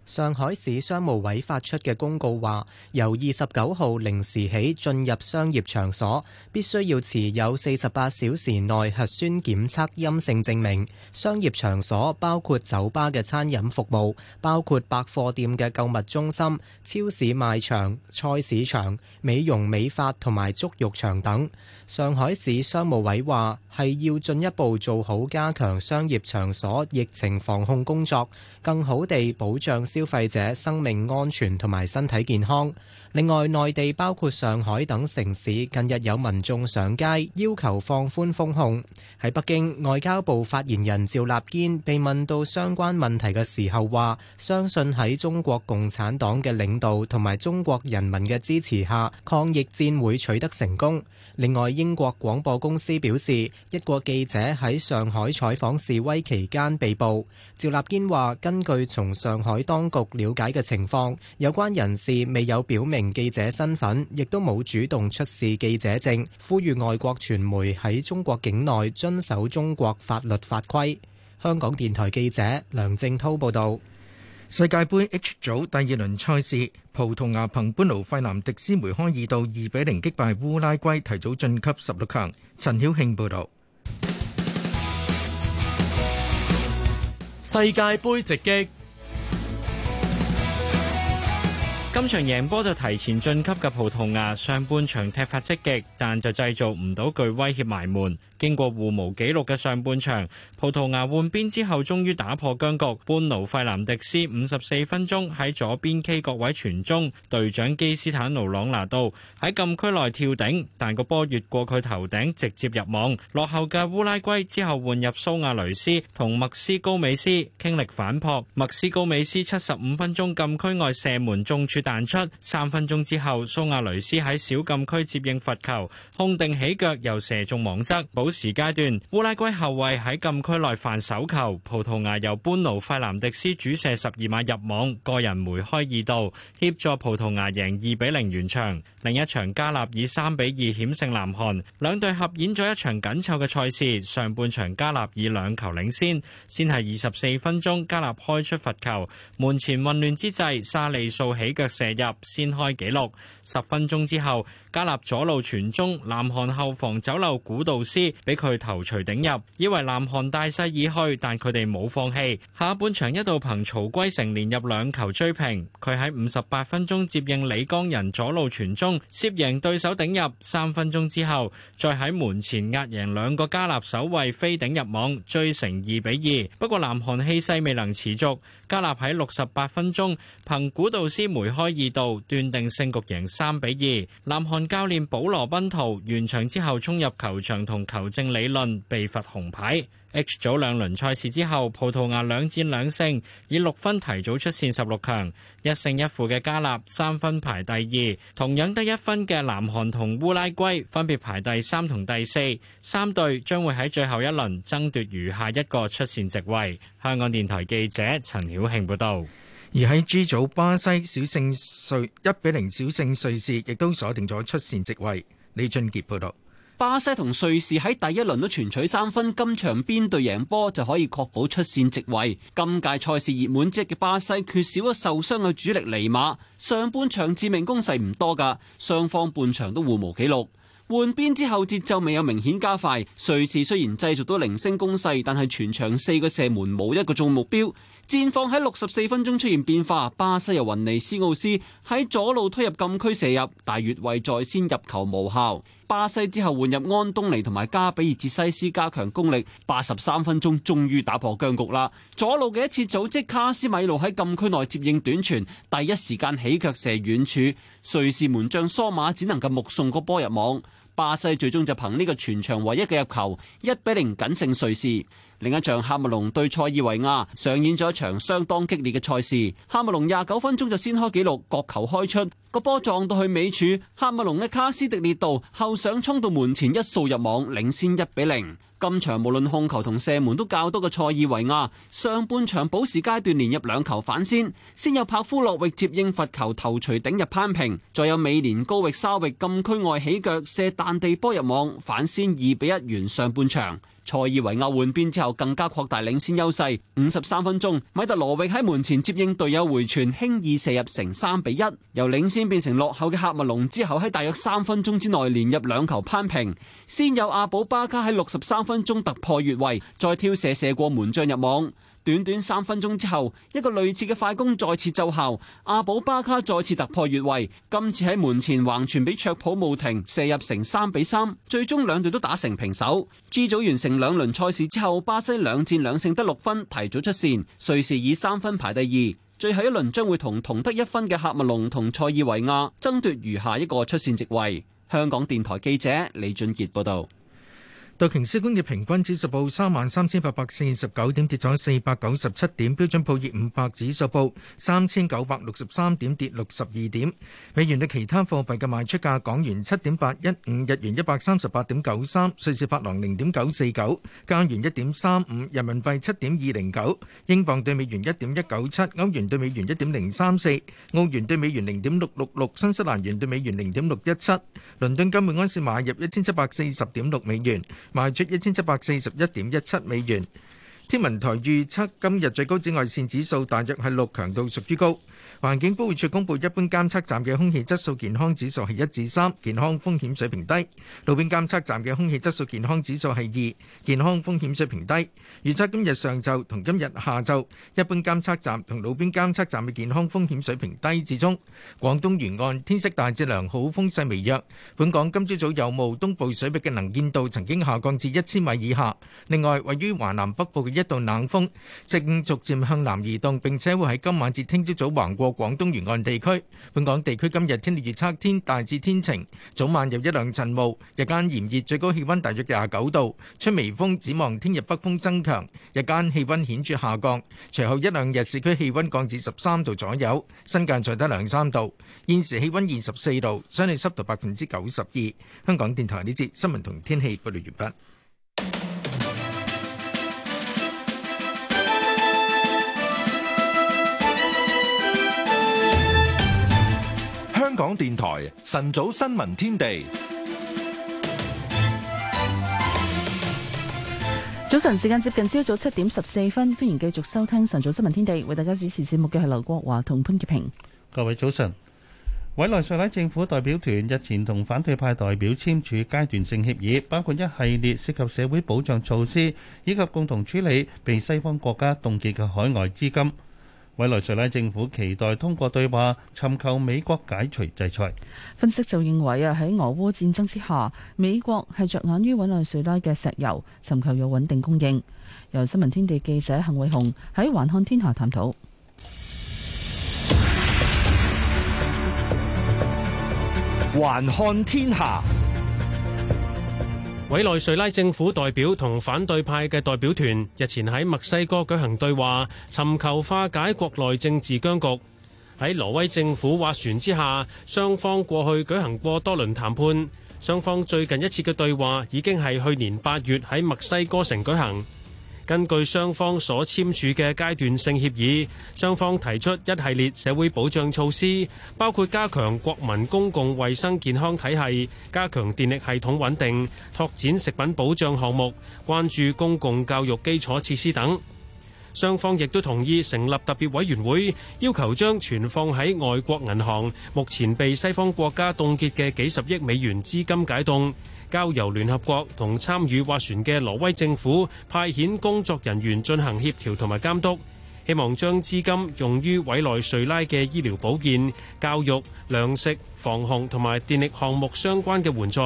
上海市商務委發出嘅公告話，由二十九號零時起，進入商業場所必須要持有四十八小時內核酸檢測陰性證明。商業場所包括酒吧嘅餐飲服務，包括百貨店嘅購物中心、超市、賣場、菜市場、美容美髮同埋足浴場等。上海市商務委話：係要進一步做好加強商業場所疫情防控工作，更好地保障消費者生命安全同埋身體健康。另外，內地包括上海等城市近日有民眾上街要求放寬封控。喺北京，外交部發言人趙立堅被問到相關問題嘅時候話：相信喺中國共產黨嘅領導同埋中國人民嘅支持下，抗疫戰會取得成功。另外，英國廣播公司表示，一個記者喺上海採訪示威期間被捕。趙立堅話：根據從上海當局了解嘅情況，有關人士未有表明記者身份，亦都冇主動出示記者證，呼籲外國傳媒喺中國境內遵守中國法律法規。香港電台記者梁正滔報道。世界杯 H 組第二輪賽事，葡萄牙憑般奴費南迪斯梅開二度，二比零擊敗烏拉圭，提早晉級十六強。陳曉慶報道。世界杯直擊，今場贏波就提前晉級嘅葡萄牙，上半場踢法積極，但就製造唔到具威脅埋門。經過互無紀錄嘅上半場，葡萄牙換邊之後終於打破僵局。半奴費南迪斯五十四分鐘喺左邊 K 角位傳中，隊長基斯坦奴朗拿度喺禁區內跳頂，但個波越過佢頭頂直接入網。落後嘅烏拉圭之後換入蘇亞雷斯同麥斯高美斯傾力反撲。麥斯高美斯七十五分鐘禁區外射門中柱彈出，三分鐘之後蘇亞雷斯喺小禁區接應罰球，控定起腳又射中網側。補時階段，烏拉圭後衛喺禁區內犯手球，葡萄牙由班奴費南迪斯主射十二碼入網，個人梅開二度，協助葡萄牙贏二比零完場。另一場加納以三比二險勝南韓，兩隊合演咗一場緊湊嘅賽事。上半場加納以兩球領先，先係二十四分鐘加納開出罰球，門前混亂之際，沙利素起腳射入，先開紀錄。十分鐘之後，加納左路傳中，南韓後防走漏古道斯，俾佢頭槌頂入。以為南韓大勢已去，但佢哋冇放棄。下半場一度憑曹圭成連入兩球追平。佢喺五十八分鐘接應李江仁左路傳中，攝贏對手頂入。三分鐘之後，再喺門前壓贏兩個加納守衞飛頂入網，追成二比二。不過南韓氣勢未能持續。加納喺六十八分鐘憑古道斯梅開二度，斷定勝局，贏三比二。南韓教練保羅賓圖完場之後衝入球場同球證理論，被罰紅牌。H 組兩輪賽事之後，葡萄牙兩戰兩勝，以六分提早出線十六強。一勝一負嘅加納三分排第二，同樣得一分嘅南韓同烏拉圭分別排第三同第四。三隊將會喺最後一輪爭奪餘下一個出線席位。香港電台記者陳曉慶報道。而喺 G 組，巴西小勝瑞一比零小勝瑞士，亦都鎖定咗出線席位。李俊傑報道。巴西同瑞士喺第一輪都全取三分，今場邊隊贏波就可以確保出線席位。今屆賽事熱門之一嘅巴西缺少咗受傷嘅主力尼馬，上半場致命攻勢唔多噶，雙方半場都互無紀錄。換邊之後節奏未有明顯加快，瑞士雖然製造到零星攻勢，但係全場四個射門冇一個中目標。戰況喺六十四分鐘出現變化，巴西由雲尼斯奧斯喺左路推入禁區射入，但越位在先入球無效。巴西之後換入安東尼同埋加比爾哲西斯加強攻力，八十三分鐘終於打破僵局啦！左路嘅一次組織，卡斯米魯喺禁區內接應短傳，第一時間起腳射遠處，瑞士門將梳馬只能夠目送個波入網。巴西最終就憑呢個全場唯一嘅入球，一比零僅勝瑞士。另一場哈密隆對塞爾維亞上演咗一場相當激烈嘅賽事。哈密隆廿九分鐘就先開紀錄，角球開出，個波撞到去尾柱。哈密隆嘅卡斯迪列度後上衝到門前一掃入網，領先一比零。今場無論控球同射門都較多嘅塞爾維亞上半場補時階段連入兩球反先，先有帕夫洛域接應罰球頭槌頂入攀平，再有美連高域沙域禁區外起腳射彈地波入網，反先二比一完上半場。塞爾維亞換邊之後，更加擴大領先優勢。五十三分鐘，米特羅域喺門前接應隊友回傳，輕易射入，成三比一。由領先變成落後嘅喀麥隆之後，喺大約三分鐘之內連入兩球攀平。先有阿寶巴卡喺六十三分鐘突破越位，再挑射射過門將入網。短短三分鐘之後，一個類似嘅快攻再次奏效，阿保巴卡再次突破越位，今次喺門前橫傳俾卓普慕廷，射入成三比三，最終兩隊都打成平手。G 組完成兩輪賽事之後，巴西兩戰兩勝得六分，提早出線，瑞士以三分排第二，最後一輪將會同同得一分嘅喀麥隆同塞爾維亞爭奪餘下一個出線席位。香港電台記者李俊傑報道。道瓊斯工業平均指數報三萬三千八百四十九點，跌咗四百九十七點。標準普爾五百指數報三千九百六十三點，跌六十二點。美元對其他貨幣嘅賣出價：港元七點八一五，日元一百三十八點九三，瑞士法郎零點九四九，加元一點三五，人民幣七點二零九，英鎊對美元一點一九七，歐元對美元一點零三四，澳元對美元零點六六六，新西蘭元對美元零點六一七。倫敦金每安士買入一千七百四十點六美元。賣出一千七百四十一點一七美元。天文台預測今日最高紫外線指數大約係六，強度屬於高。環境保護署公布一般監測站嘅空氣質素健康指數係一至三，健康風險水平低；路邊監測站嘅空氣質素健康指數係二，健康風險水平低。預測今日上晝同今日下晝，一般監測站同路邊監測站嘅健康風險水平低至中。廣東沿岸天色大致良好，風勢微弱。本港今朝早有霧，東部水域嘅能見度曾經下降至一千米以下。另外，位於華南北部嘅一道冷鋒正逐漸向南移動，並且會喺今晚至聽朝早橫過廣東沿岸地區，本港地區今日天氣預測，天大致天晴，早晚有一兩陣霧，日間炎熱，最高氣温大約廿九度，吹微風，展望聽日北風增強，日間氣温顯著下降，隨後一兩日市區氣温降至十三度左右，新界再低兩三度。現時氣温二十四度，相對濕度百分之九十二。香港電台呢節新聞同天氣報道完畢。港電台晨早新聞天地，早晨時間接近朝早七點十四分，歡迎繼續收聽晨早新聞天地，為大家主持節目嘅係劉國華同潘潔平。各位早晨，委內瑞拉政府代表團日前同反對派代表簽署階段性協議，包括一系列涉及社會保障措施，以及共同處理被西方國家凍結嘅海外資金。委內瑞拉政府期待通過對話尋求美國解除制裁。分析就認為啊，喺俄烏戰爭之下，美國係着眼於委內瑞拉嘅石油，尋求有穩定供應。由新聞天地記者幸偉雄喺環看天下探討。環看天下。委內瑞拉政府代表同反對派嘅代表團日前喺墨西哥舉行對話，尋求化解國內政治僵局。喺挪威政府斡旋之下，雙方過去舉行過多輪談判。雙方最近一次嘅對話已經係去年八月喺墨西哥城舉行。根據雙方所簽署嘅階段性協議，雙方提出一系列社會保障措施，包括加強國民公共衛生健康體系、加強電力系統穩定、拓展食品保障項目、關注公共教育基礎設施等。雙方亦都同意成立特別委員會，要求將存放喺外國銀行、目前被西方國家凍結嘅幾十億美元資金解凍。交由聯合國同參與斡旋嘅挪威政府派遣工作人員進行協調同埋監督，希望將資金用於委內瑞拉嘅醫療保健、教育、糧食、防洪同埋電力項目相關嘅援助。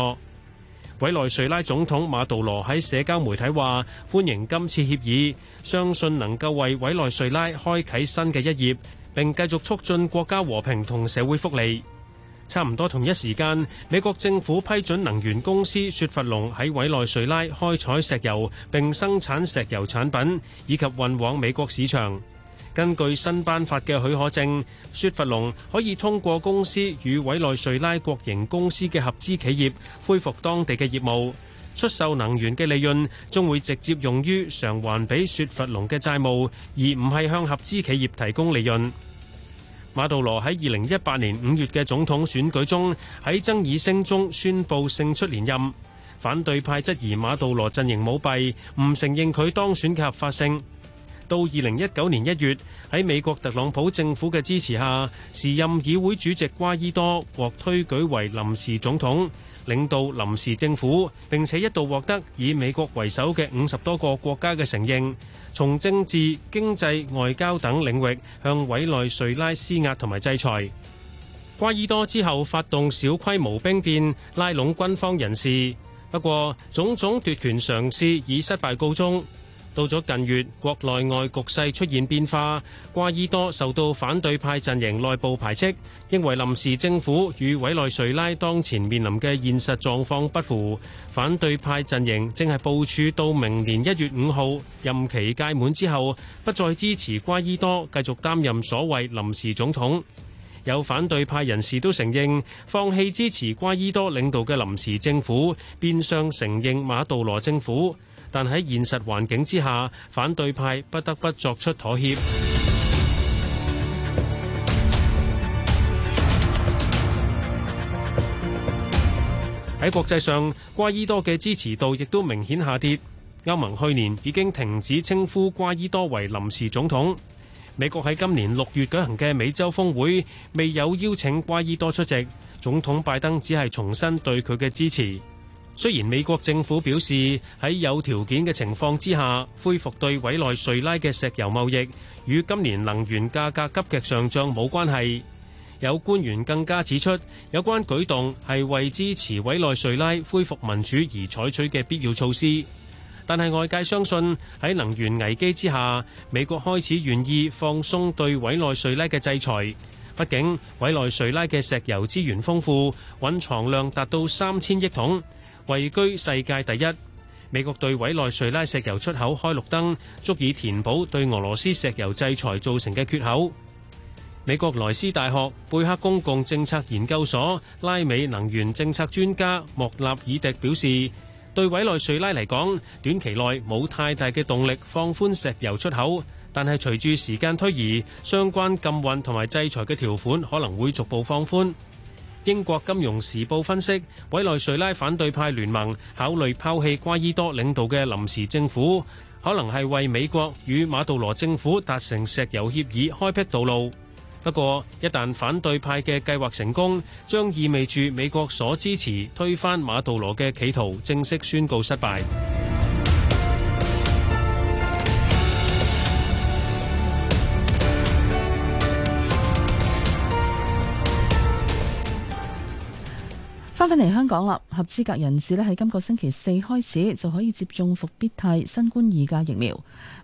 委內瑞拉總統馬杜羅喺社交媒體話：歡迎今次協議，相信能夠為委內瑞拉開啟新嘅一頁，並繼續促進國家和平同社會福利。差唔多同一時間，美國政府批准能源公司雪佛龍喺委內瑞拉開採石油並生產石油產品，以及運往美國市場。根據新頒發嘅許可證，雪佛龍可以通過公司與委內瑞拉國營公司嘅合資企業恢復當地嘅業務。出售能源嘅利潤，將會直接用於償還俾雪佛龍嘅債務，而唔係向合資企業提供利潤。馬杜羅喺二零一八年五月嘅總統選舉中，喺爭議聲中宣佈勝出連任。反對派質疑馬杜羅陣營舞弊，唔承認佢當選嘅合法性。到二零一九年一月，喺美國特朗普政府嘅支持下，時任議會主席瓜伊多獲推舉為臨時總統。領導臨時政府，並且一度獲得以美國為首嘅五十多個國家嘅承認，從政治、經濟、外交等領域向委內瑞拉施壓同埋制裁。瓜爾多之後發動小規模兵變，拉攏軍方人士，不過種種奪權嘗試以失敗告終。到咗近月，國內外局勢出現變化，瓜伊多受到反對派陣營內部排斥，認為臨時政府與委內瑞拉當前面臨嘅現實狀況不符。反對派陣營正係部署到明年一月五號任期屆滿之後，不再支持瓜伊多繼續擔任所謂臨時總統。有反對派人士都承認放棄支持瓜伊多領導嘅臨時政府，變相承認馬杜羅政府。但喺現實環境之下，反對派不得不作出妥協。喺國際上，瓜伊多嘅支持度亦都明顯下跌。歐盟去年已經停止稱呼瓜伊多為臨時總統。美國喺今年六月舉行嘅美洲峰會，未有邀請瓜伊多出席。總統拜登只係重申對佢嘅支持。雖然美國政府表示，喺有條件嘅情況之下恢復對委內瑞拉嘅石油貿易，與今年能源價格急劇上漲冇關係。有官員更加指出，有關舉動係為支持委內瑞拉恢復民主而採取嘅必要措施。但係外界相信，喺能源危機之下，美國開始願意放鬆對委內瑞拉嘅制裁。畢竟委內瑞拉嘅石油資源豐富，蘊藏量達到三千億桶。位居世界第一，美國對委內瑞拉石油出口開綠燈，足以填補對俄羅斯石油制裁造成嘅缺口。美國萊斯大學貝克公共政策研究所拉美能源政策專家莫納爾迪表示，對委內瑞拉嚟講，短期內冇太大嘅動力放寬石油出口，但係隨住時間推移，相關禁運同埋制裁嘅條款可能會逐步放寬。英國金融時報分析，委內瑞拉反對派聯盟考慮拋棄瓜伊多領導嘅臨時政府，可能係為美國與馬杜羅政府達成石油協議開闢道路。不過，一旦反對派嘅計劃成功，將意味住美國所支持推翻馬杜羅嘅企圖正式宣告失敗。翻返嚟香港啦，合資格人士呢喺今個星期四開始就可以接種復必泰新冠二價疫苗。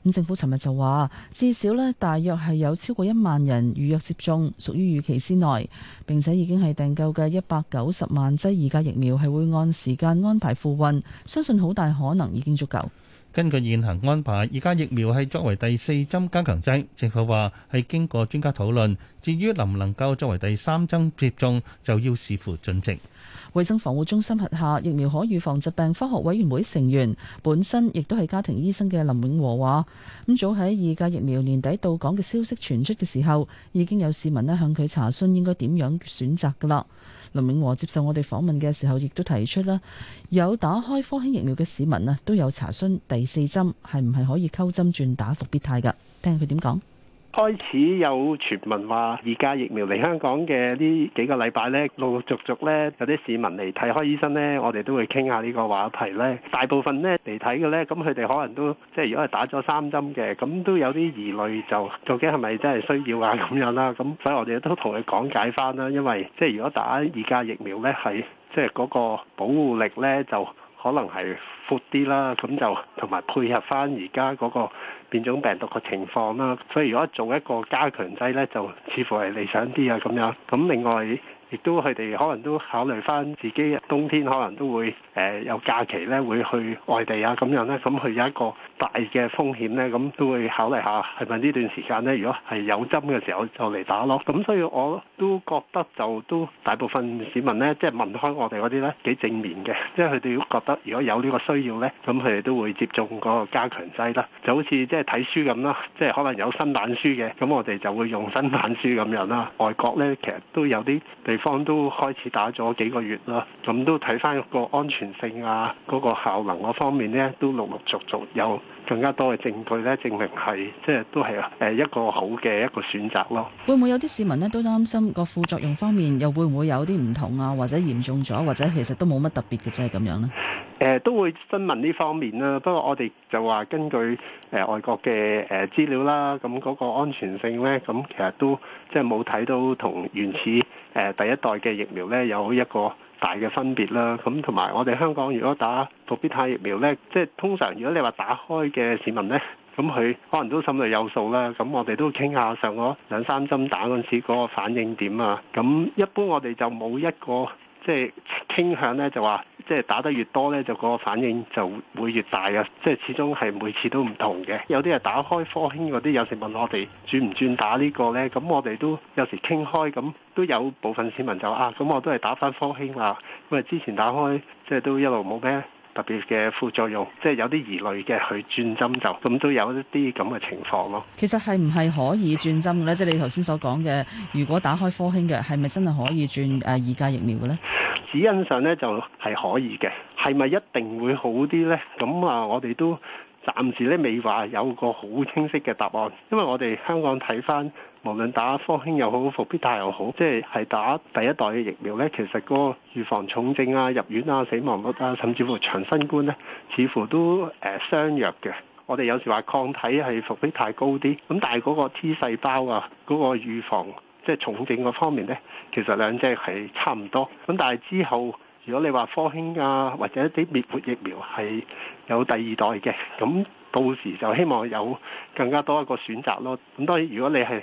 咁政府尋日就話至少呢大約係有超過一萬人預約接種，屬於預期之內，並且已經係訂購嘅一百九十萬劑二價疫苗係會按時間安排付運，相信好大可能已經足夠。根據現行安排，二價疫苗係作為第四針加強劑。政府話係經過專家討論，至於能唔能夠作為第三針接種，就要視乎進程。衛生防護中心轄下疫苗可預防疾病科學委員會成員本身亦都係家庭醫生嘅林永和話，咁早喺二價疫苗年底到港嘅消息傳出嘅時候，已經有市民呢向佢查詢應該點樣選擇噶啦。林永和接受我哋訪問嘅時候，亦都提出啦，有打開科興疫苗嘅市民啊，都有查詢第四針係唔係可以溝針轉打伏必泰噶？聽下佢點講。開始有傳聞話，二價疫苗嚟香港嘅呢幾個禮拜呢，陸陸續續呢，有啲市民嚟睇開醫生呢，我哋都會傾下呢個話題呢，大部分呢嚟睇嘅呢，咁佢哋可能都即係如果係打咗三針嘅，咁都有啲疑慮，就究竟係咪真係需要啊咁樣啦、啊。咁所以我哋都同佢講解返啦，因為即係如果打二價疫苗呢，係即係嗰個保護力呢，就可能係。闊啲啦，咁就同埋配合翻而家嗰個變種病毒嘅情況啦，所以如果做一個加強劑咧，就似乎係理想啲啊咁樣，咁另外。亦都佢哋可能都考慮翻自己冬天可能都會誒、呃、有假期咧，會去外地啊咁樣咧，咁佢有一個大嘅風險咧，咁都會考慮下係咪呢段時間咧，如果係有針嘅時候就嚟打咯。咁所以我都覺得就都大部分市民咧，即係問開我哋嗰啲咧幾正面嘅，即係佢哋都覺得如果有呢個需要咧，咁佢哋都會接種嗰個加強劑啦。就好似即係睇書咁啦，即係可能有新版書嘅，咁我哋就會用新版書咁樣啦。外國咧，其實都有啲方都開始打咗幾個月啦，咁都睇翻個安全性啊，嗰個效能嗰方面呢都陸陸續續有更加多嘅證據咧，證明係即係都係誒一個好嘅一個選擇咯。會唔會有啲市民咧都擔心個副作用方面又會唔會有啲唔同啊，或者嚴重咗，或者其實都冇乜特別嘅，即係咁樣呢？誒、呃、都會詢問呢方面啦。不過我哋就話根據誒、呃、外國嘅誒、呃、資料啦，咁嗰個安全性咧，咁其實都即係冇睇到同原始誒、呃、第一代嘅疫苗咧有一個。大嘅分別啦，咁同埋我哋香港如果打復必泰疫苗呢，即係通常如果你話打開嘅市民呢，咁佢可能都心裏有數啦。咁我哋都傾下上個兩三針打嗰陣時嗰個反應點啊。咁一般我哋就冇一個。即係傾向咧，就話即係打得越多咧，就個反應就會越大啊！即係始終係每次都唔同嘅，有啲係打開科興嗰啲，有時問我哋轉唔轉打呢個咧，咁我哋都有時傾開，咁都有部分市民就啊，咁我都係打翻科興啊，咁啊之前打開即係都一路冇咩。特別嘅副作用，即係有啲疑慮嘅去轉針就，咁都有一啲咁嘅情況咯。其實係唔係可以轉針呢？即係你頭先所講嘅，如果打開科興嘅，係咪真係可以轉誒二價疫苗呢？指引上呢，就係可以嘅，係咪一定會好啲呢？咁啊，我哋都暫時咧未話有個好清晰嘅答案，因為我哋香港睇翻。無論打科興又好，復必泰又好，即係打第一代嘅疫苗呢，其實嗰個預防重症啊、入院啊、死亡率啊，甚至乎長新冠呢，似乎都誒、呃、相若嘅。我哋有時話抗體係復必泰高啲，咁但係嗰個 T 細胞啊，嗰、嗰個預防即係、就是、重症嗰方面呢，其實兩隻係差唔多。咁但係之後，如果你話科興啊，或者一啲滅活疫苗係有第二代嘅，咁到時就希望有更加多一個選擇咯。咁當然，如果你係，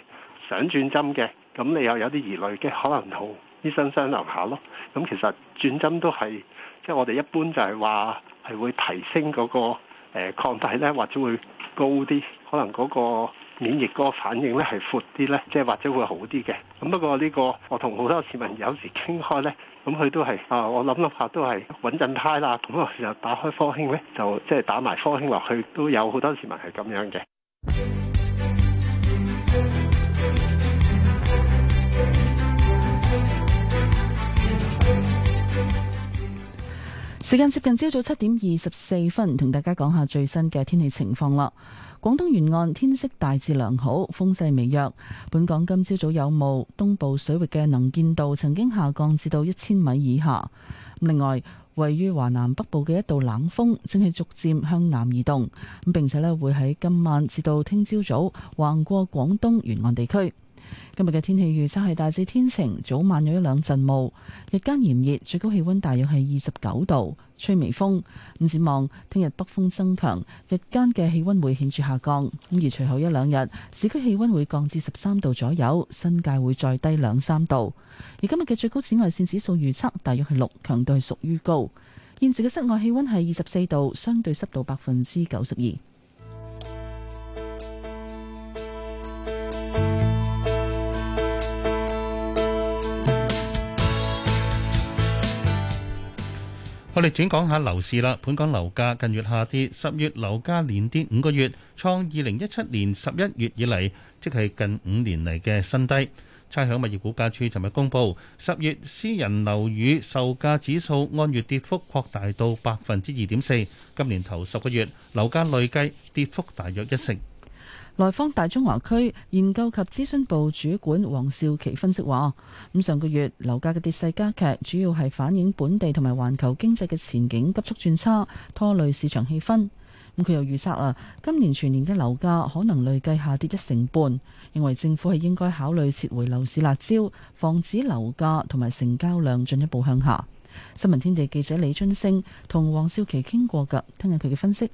想轉針嘅，咁你又有啲疑慮嘅，可能同醫生商量下咯。咁其實轉針都係，即係我哋一般就係話係會提升嗰個誒抗體咧，或者會高啲，可能嗰個免疫嗰個反應咧係闊啲咧，即係或者會好啲嘅。咁不過呢個我同好多市民有時傾開咧，咁佢都係啊，我諗諗下都係穩陣胎啦。咁有時打開科興咧，就即係打埋科興落去都有好多市民係咁樣嘅。時間接近朝早七點二十四分，同大家講下最新嘅天氣情況啦。廣東沿岸天色大致良好，風勢微弱。本港今朝早有霧，東部水域嘅能見度曾經下降至到一千米以下。另外，位於華南北部嘅一道冷鋒正係逐漸向南移動咁，並且呢會喺今晚至到聽朝早橫過廣東沿岸地區。今日嘅天氣預測係大致天晴，早晚有一兩陣霧，日間炎熱，最高氣溫大約係二十九度，吹微風。咁展望聽日北風增強，日間嘅氣溫會顯著下降。咁而隨後一兩日，市區氣溫會降至十三度左右，新界會再低兩三度。而今日嘅最高紫外線指數預測大約係六，強度係屬於高。現時嘅室外氣溫係二十四度，相對濕度百分之九十二。我哋轉講下樓市啦。本港樓價近月下跌，十月樓價連跌五個月，創二零一七年十一月以嚟，即係近五年嚟嘅新低。差餉物業估價署尋日公佈，十月私人樓宇售價指數按月跌幅擴大到百分之二點四，今年頭十個月樓價累計跌幅大約一成。萊坊大中華區研究及諮詢部主管王兆麒分析話：咁上個月樓價嘅跌勢加劇，主要係反映本地同埋環球經濟嘅前景急速轉差，拖累市場氣氛。咁佢又預測啊，今年全年嘅樓價可能累計下跌一成半，認為政府係應該考慮撤回樓市辣招，防止樓價同埋成交量進一步向下。新聞天地記者李春盛同王兆麒傾過噶，聽下佢嘅分析。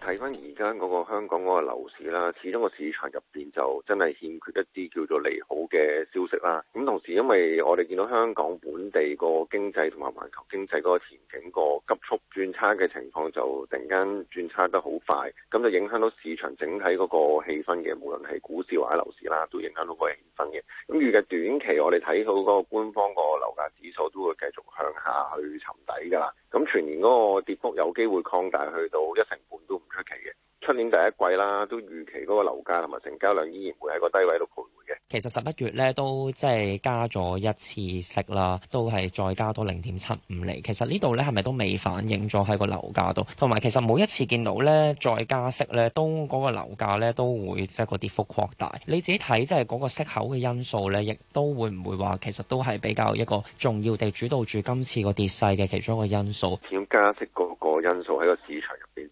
睇翻而家嗰個香港嗰個樓市啦，始終個市場入邊就真係欠缺一啲叫做利好嘅消息啦。咁同時，因為我哋見到香港本地個經濟同埋環球經濟嗰個前景個急速轉差嘅情況，就突然間轉差得好快，咁就影響到市場整體嗰個氣氛嘅，無論係股市或者樓市啦，都影響到個氣氛嘅。咁預計短期我哋睇到嗰個官方個樓價指數都會繼續向下去沉底㗎喇。咁全年嗰個跌幅有機會擴大去到一成半都唔出奇嘅。出年第一季啦，都預期嗰個樓價同埋成交量依然會喺個低位度徘徊嘅。其實十一月咧都即係加咗一次息啦，都係再加多零點七五厘。其實呢度咧係咪都未反映咗喺個樓價度？同埋其實每一次見到咧再加息咧，都嗰個樓價咧都會即係個跌幅擴大。你自己睇即係嗰個息口嘅因素咧，亦都會唔會話其實都係比較一個重要地主導住今次個跌勢嘅其中一個因素。點加息嗰個因素喺個市場？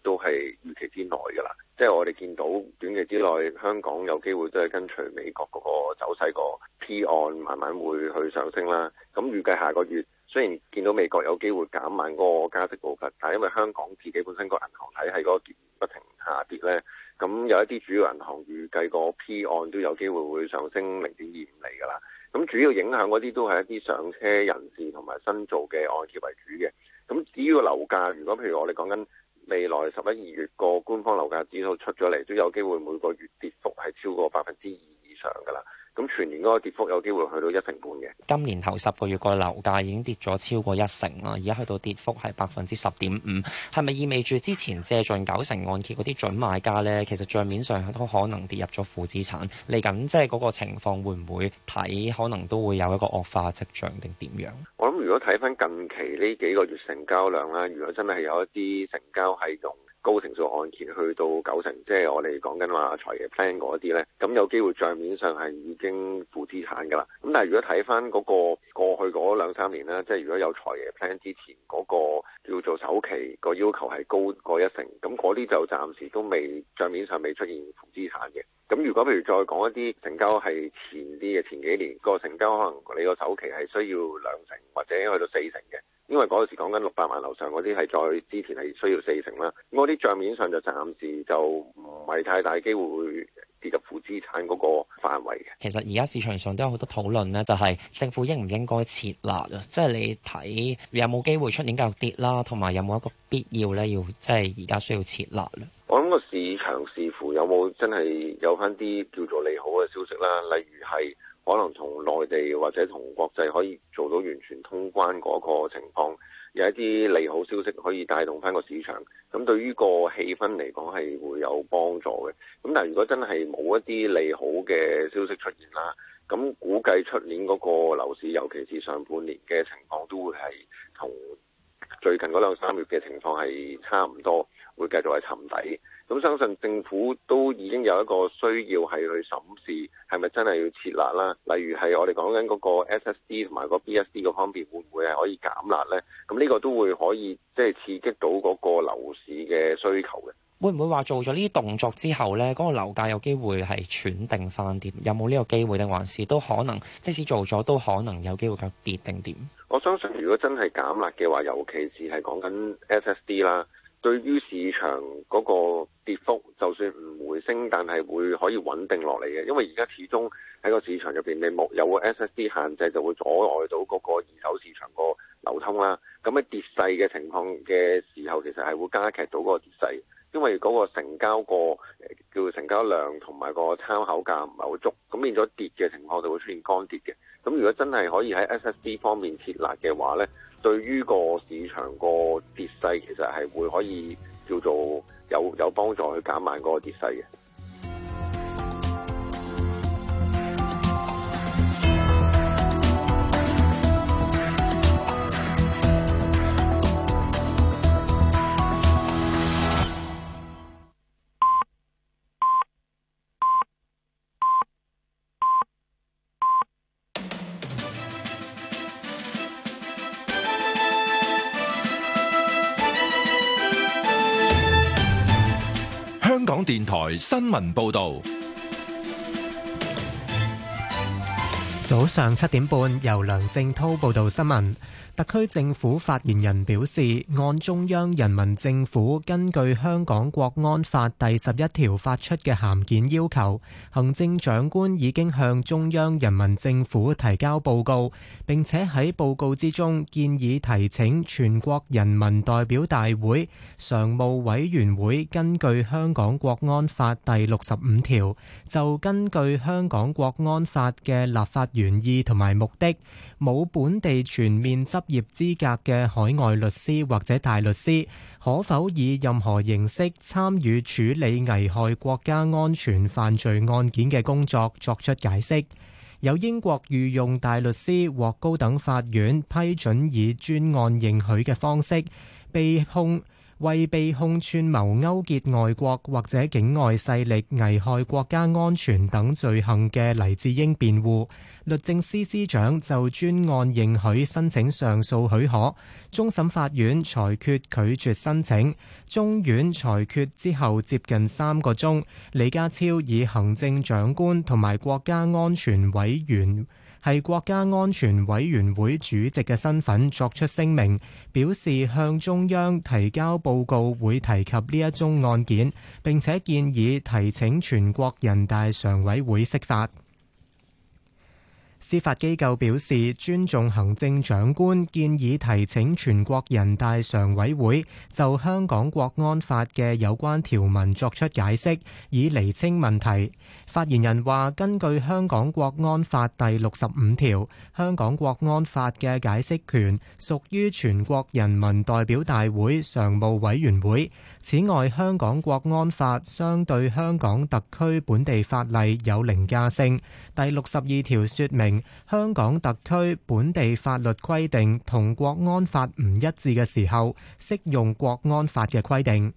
都係預期之內嘅啦，即係我哋見到短期之內香港有機會都係跟隨美國嗰個走勢，嗰個 P 案慢慢會去上升啦。咁、嗯、預計下個月雖然見到美國有機會減慢嗰個加息步伐，但係因為香港自己本身個銀行體系嗰個不停下跌呢，咁、嗯、有一啲主要銀行預計個 P 案都有機會會上升零點二五釐噶啦。咁、嗯、主要影響嗰啲都係一啲上車人士同埋新造嘅按揭為主嘅。咁、嗯、至於個樓價，如果譬如我哋講緊，未來十一二月個官方樓價指數出咗嚟，都有機會每個月跌幅係超過百分之二以上㗎啦。咁全年嗰個跌幅有機會去到一成半嘅。今年頭十個月個樓價已經跌咗超過一成啦，而家去到跌幅係百分之十點五，係咪意味住之前借進九成按揭嗰啲準買家咧，其實賬面上都可能跌入咗負資產？嚟緊即係嗰個情況會唔會睇，可能都會有一個惡化跡象定點樣，我諗如果睇翻近期呢幾個月成交量啦，如果真係有一啲成交喺度。高成數按揭去到九成，即係我哋講緊話財爺 plan 嗰啲呢，咁有機會帳面上係已經負資產㗎啦。咁但係如果睇翻嗰個過去嗰兩三年啦，即係如果有財爺 plan 之前嗰個叫做首期個要求係高過一成，咁嗰啲就暫時都未帳面上未出現負資產嘅。咁如果譬如再講一啲成交係前啲嘅前幾年個成交，可能你個首期係需要兩成或者去到四成嘅，因為嗰時講緊六百萬樓上嗰啲係再之前係需要四成啦。咁嗰啲帳面上就暫時就唔係太大機會跌入負資產嗰個範圍嘅，其實而家市場上都有好多討論呢就係政府應唔應該設立啊？即係你睇有冇機會出年較跌啦，同埋有冇一個必要呢？要即係而家需要設立咧？我諗個市場視乎有冇真係有翻啲叫做利好嘅消息啦，例如係可能同內地或者同國際可以做到完全通關嗰個情況。有一啲利好消息可以帶動翻個市場，咁對於個氣氛嚟講，係會有幫助嘅。咁但係如果真係冇一啲利好嘅消息出現啦，咁估計出年嗰個樓市，尤其是上半年嘅情況都會係同最近嗰兩三月嘅情況，係差唔多，會繼續係沉底。咁相信政府都已經有一個需要係去審視，係咪真係要設立啦？例如係我哋講緊嗰個 S S D 同埋個 B S D 個方面，會唔會係可以減辣呢？咁呢個都會可以即係刺激到嗰個樓市嘅需求嘅。會唔會話做咗呢啲動作之後呢，嗰、那個樓價有機會係喘定翻啲？有冇呢個機會咧？還是都可能即使做咗，都可能有機會佢跌定點？我相信如果真係減辣嘅話，尤其是係講緊 S S D 啦。對於市場嗰個跌幅，就算唔回升，但係會可以穩定落嚟嘅。因為而家始終喺個市場入邊，你冇有個 SSD 限制，就會阻礙到嗰個二手市場個流通啦。咁喺跌勢嘅情況嘅時候，其實係會加劇到個跌勢，因為嗰個成交個叫做成交量同埋個參考價唔係好足，咁變咗跌嘅情況就會出現乾跌嘅。咁如果真係可以喺 SSD 方面設立嘅話呢。對於個市場個跌勢，其實係會可以叫做有有幫助去減慢嗰個跌勢嘅。香港電台新聞報道。早上七點半，由梁正滔報道新聞。特區政府發言人表示，按中央人民政府根據《香港國安法》第十一條發出嘅函件要求，行政長官已經向中央人民政府提交報告，並且喺報告之中建議提請全國人民代表大會常務委員會根據《香港國安法》第六十五條，就根據《香港國安法》嘅立法。原意同埋目的，冇本地全面執業資格嘅海外律師或者大律師，可否以任何形式參與處理危害國家安全犯罪案件嘅工作，作出解釋。有英國御用大律師獲高等法院批准以專案認許嘅方式，被控，為被控串謀勾結外國或者境外勢力危害國家安全等罪行嘅黎智英辯護，律政司司長就專案認許申請上訴許可，終審法院裁決拒絕申請。中院裁決之後接近三個鐘，李家超以行政長官同埋國家安全委員係國家安全委員會主席嘅身份作出聲明，表示向中央提交報告，會提及呢一宗案件，並且建議提請全國人大常委會釋法。司法機構表示尊重行政長官建議提請全國人大常委會就香港國安法嘅有關條文作出解釋，以釐清問題。發言人話：根據香港國安法第六十五條，香港國安法嘅解釋權屬於全國人民代表大會常務委員會。此外，香港國安法相對香港特區本地法例有凌駕性。第六十二條說明，香港特區本地法律規定同國安法唔一致嘅時候，適用國安法嘅規定。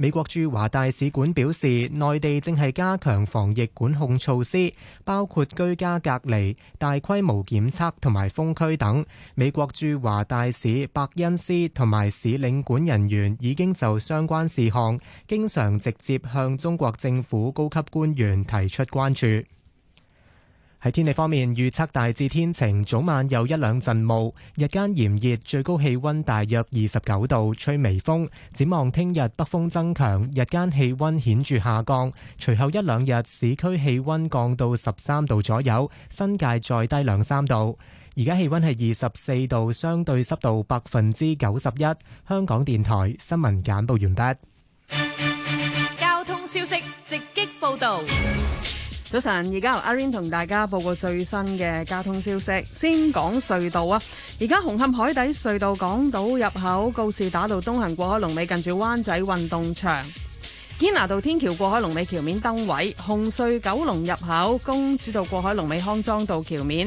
美國駐華大使館表示，內地正係加強防疫管控措施，包括居家隔離、大規模檢測同埋封區等。美國駐華大使伯恩斯同埋使領館人員已經就相關事項，經常直接向中國政府高級官員提出關注。喺天氣方面預測，大致天晴，早晚有一兩陣霧，日間炎熱，最高氣溫大約二十九度，吹微風。展望聽日北風增強，日間氣溫顯著下降，隨後一兩日市區氣溫降到十三度左右，新界再低兩三度。而家氣溫係二十四度，相對濕度百分之九十一。香港電台新聞簡報完畢。交通消息直擊報道。早晨，而家由阿 rain 同大家報告最新嘅交通消息。先講隧道啊，而家紅磡海底隧道港島入口告士打道東行過海龍尾近住灣仔運動場；堅拿道天橋過海龍尾橋面燈位；紅隧九龍入口公主道過海龍尾康莊道橋面。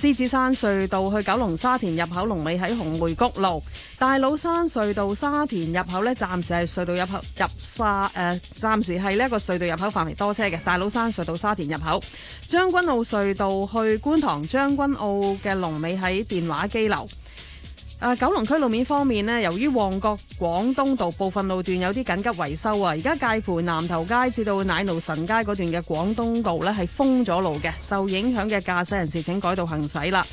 獅子山隧道去九龍沙田入口龍尾喺紅梅谷路，大老山隧道沙田入口咧，暫時係隧道入口入沙誒，暫時係呢一個隧道入口範圍多車嘅。大老山隧道沙田入口，將軍澳隧道去觀塘將軍澳嘅龍尾喺電話機樓。九龍區路面方面咧，由於旺角廣東道部分路段有啲緊急維修啊，而家介乎南頭街至到奶路臣街嗰段嘅廣東道咧係封咗路嘅，受影響嘅駕駛人士請改道行駛啦。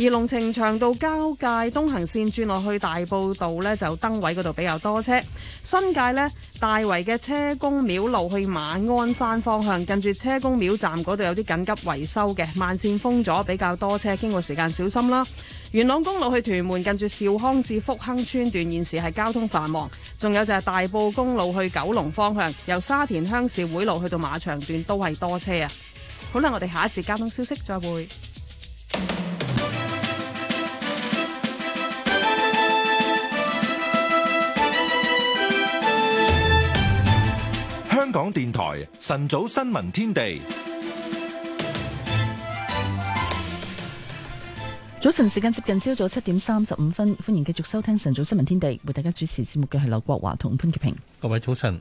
而龍程長道交界東行線轉落去大埔道呢，就燈位嗰度比較多車。新界呢，大圍嘅車公廟路去馬鞍山方向，近住車公廟站嗰度有啲緊急維修嘅慢線封咗，比較多車，經過時間小心啦。元朗公路去屯門，近住兆康至福亨村段現時係交通繁忙。仲有就係大埔公路去九龍方向，由沙田鄉事會路去到馬場段都係多車啊！好啦，我哋下一節交通消息再會。港電台晨早新聞天地，早晨時間接近朝早七點三十五分，歡迎繼續收聽晨早新聞天地，為大家主持節目嘅係劉國華同潘潔平。各位早晨，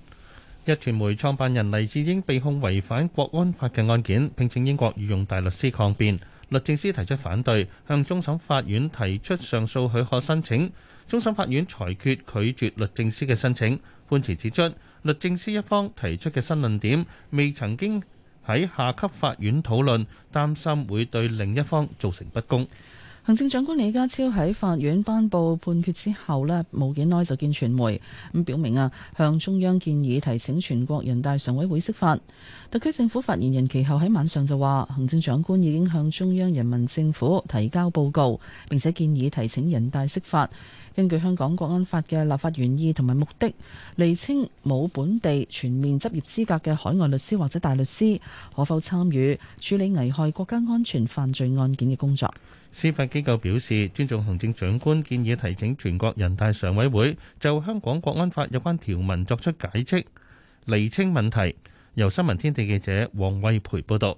壹傳媒創辦人黎智英被控違反國安法嘅案件，聘請英國御用大律師抗辯，律政司提出反對，向終審法院提出上訴許可申請，終審法院裁決拒絕律政司嘅申請。判詞指出，律政司一方提出嘅新論點，未曾經喺下級法院討論，擔心會對另一方造成不公。行政長官李家超喺法院頒布判決之後呢，冇幾耐就見傳媒，咁表明啊，向中央建議提請全國人大常委會釋法。特區政府發言人其後喺晚上就話，行政長官已經向中央人民政府提交報告，並且建議提請人大釋法，根據香港國安法嘅立法原意同埋目的，釐清冇本地全面執業資格嘅海外律師或者大律師可否參與處理危害國家安全犯罪案件嘅工作。司法機構表示尊重行政長官建議，提請全國人大常委會就香港國安法有關條文作出解釋釐清問題。由新聞天地記者黃惠培報道。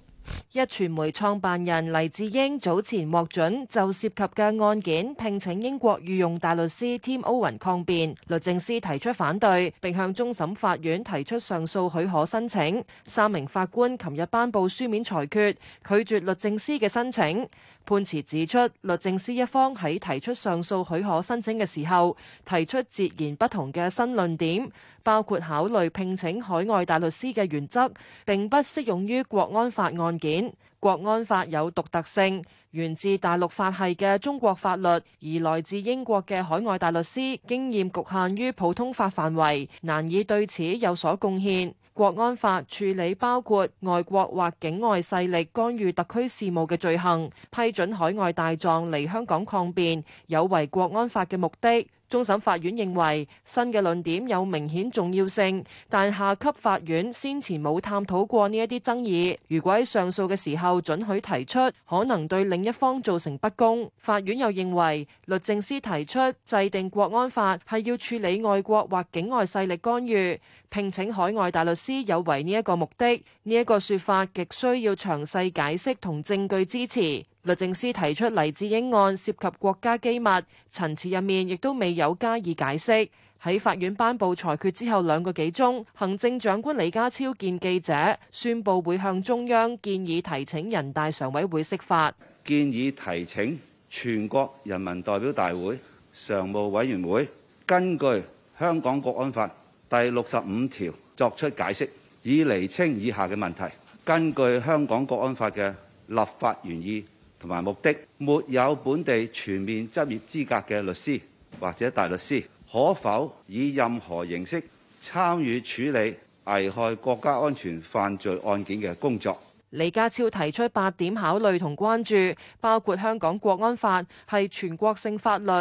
一傳媒創辦人黎智英早前獲准就涉及嘅案件聘請英國御用大律師 Tim Owen 抗辯，律政司提出反對，並向終審法院提出上訴許可申請。三名法官琴日頒布書面裁決，拒絕律政司嘅申請。判詞指出，律政司一方喺提出上訴許可申請嘅時候，提出截然不同嘅新論點，包括考慮聘請海外大律師嘅原則並不適用於國安法案件。國安法有獨特性，源自大陸法系嘅中國法律，而來自英國嘅海外大律師經驗局限於普通法範圍，難以對此有所貢獻。國安法處理包括外國或境外勢力干預特區事務嘅罪行，批准海外大狀嚟香港抗辯，有違國安法嘅目的。終審法院認為新嘅論點有明顯重要性，但下級法院先前冇探討過呢一啲爭議。如果喺上訴嘅時候准許提出，可能對另一方造成不公。法院又認為律政司提出制定國安法係要處理外國或境外勢力干預，聘請海外大律師有違呢一個目的。呢、這、一個說法極需要詳細解釋同證據支持。律政司提出黎智英案涉及國家機密，陳詞入面亦都未有加以解釋。喺法院頒布裁決之後兩個幾鐘，行政長官李家超見記者宣布會向中央建議提請人大常委會釋法，建議提請全國人民代表大會常務委員會根據香港國安法第六十五條作出解釋，以厘清以下嘅問題，根據香港國安法嘅立法原意。同埋目的，沒有本地全面執業資格嘅律師或者大律師，可否以任何形式參與處理危害國家安全犯罪案件嘅工作？李家超提出八點考慮同關注，包括香港國安法係全國性法律，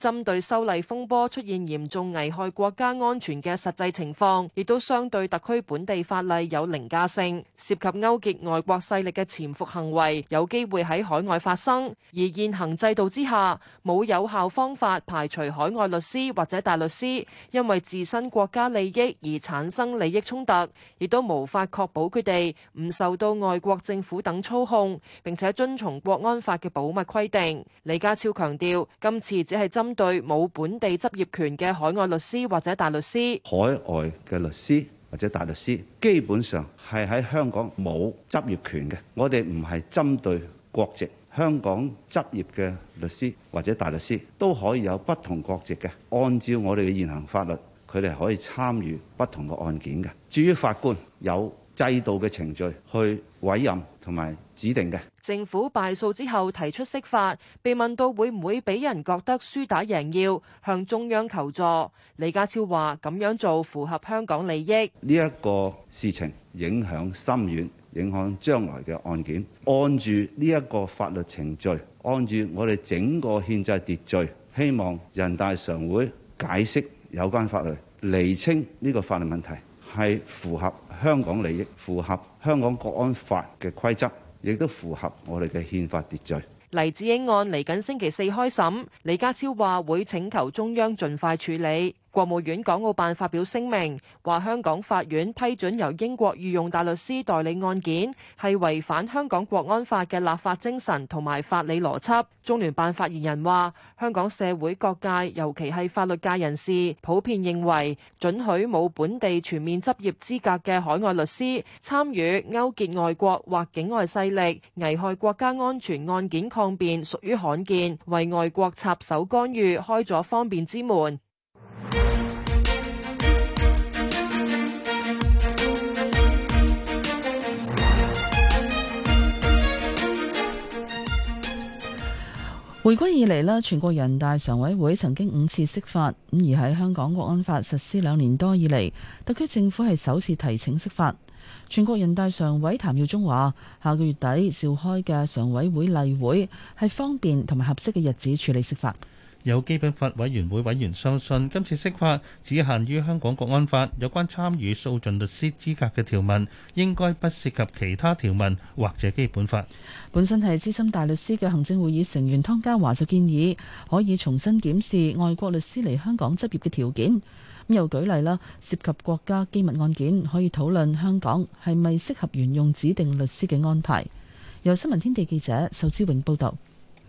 針對修例風波出現嚴重危害國家安全嘅實際情況，亦都相對特區本地法例有凌駕性，涉及勾結外國勢力嘅潛伏行為，有機會喺海外發生。而現行制度之下，冇有效方法排除海外律師或者大律師，因為自身國家利益而產生利益衝突，亦都無法確保佢哋唔受到外。國政府等操控，並且遵從國安法嘅保密規定。李家超強調，今次只係針對冇本地執業權嘅海外律師或者大律師。海外嘅律師或者大律師，基本上係喺香港冇執業權嘅。我哋唔係針對國籍，香港執業嘅律師或者大律師都可以有不同國籍嘅。按照我哋嘅現行法律，佢哋可以參與不同嘅案件嘅。至於法官，有制度嘅程序去。委任同埋指定嘅政府敗訴之後提出釋法，被問到會唔會俾人覺得輸打贏要向中央求助？李家超話：咁樣做符合香港利益。呢一個事情影響深遠，影響將來嘅案件。按住呢一個法律程序，按住我哋整個憲制秩序，希望人大常會解釋有關法律，厘清呢個法律問題。係符合香港利益、符合香港國安法嘅規則，亦都符合我哋嘅憲法秩序。黎智英案嚟緊星期四開審，李家超話會請求中央盡快處理。國務院港澳辦發表聲明，話香港法院批准由英國御用大律師代理案件，係違反香港國安法嘅立法精神同埋法理邏輯。中聯辦發言人話：香港社會各界，尤其係法律界人士，普遍認為准許冇本地全面執業資格嘅海外律師參與勾結外國或境外勢力，危害國家安全案件抗辯，屬於罕見，為外國插手干預開咗方便之門。回歸以嚟咧，全國人大常委會曾經五次釋法，咁而喺香港國安法實施兩年多以嚟，特區政府係首次提請釋法。全國人大常委譚耀宗話，下個月底召開嘅常委會例會係方便同埋合適嘅日子處理釋法。有基本法委員會委員相信，今次釋法只限於香港國安法有關參與訴訟律師資格嘅條文，應該不涉及其他條文或者基本法。本身係資深大律師嘅行政會議成員湯家驊，就建議可以重新檢視外國律師嚟香港執業嘅條件。咁又舉例啦，涉及國家機密案件，可以討論香港係咪適合沿用指定律師嘅安排。由新聞天地記者仇之永報道。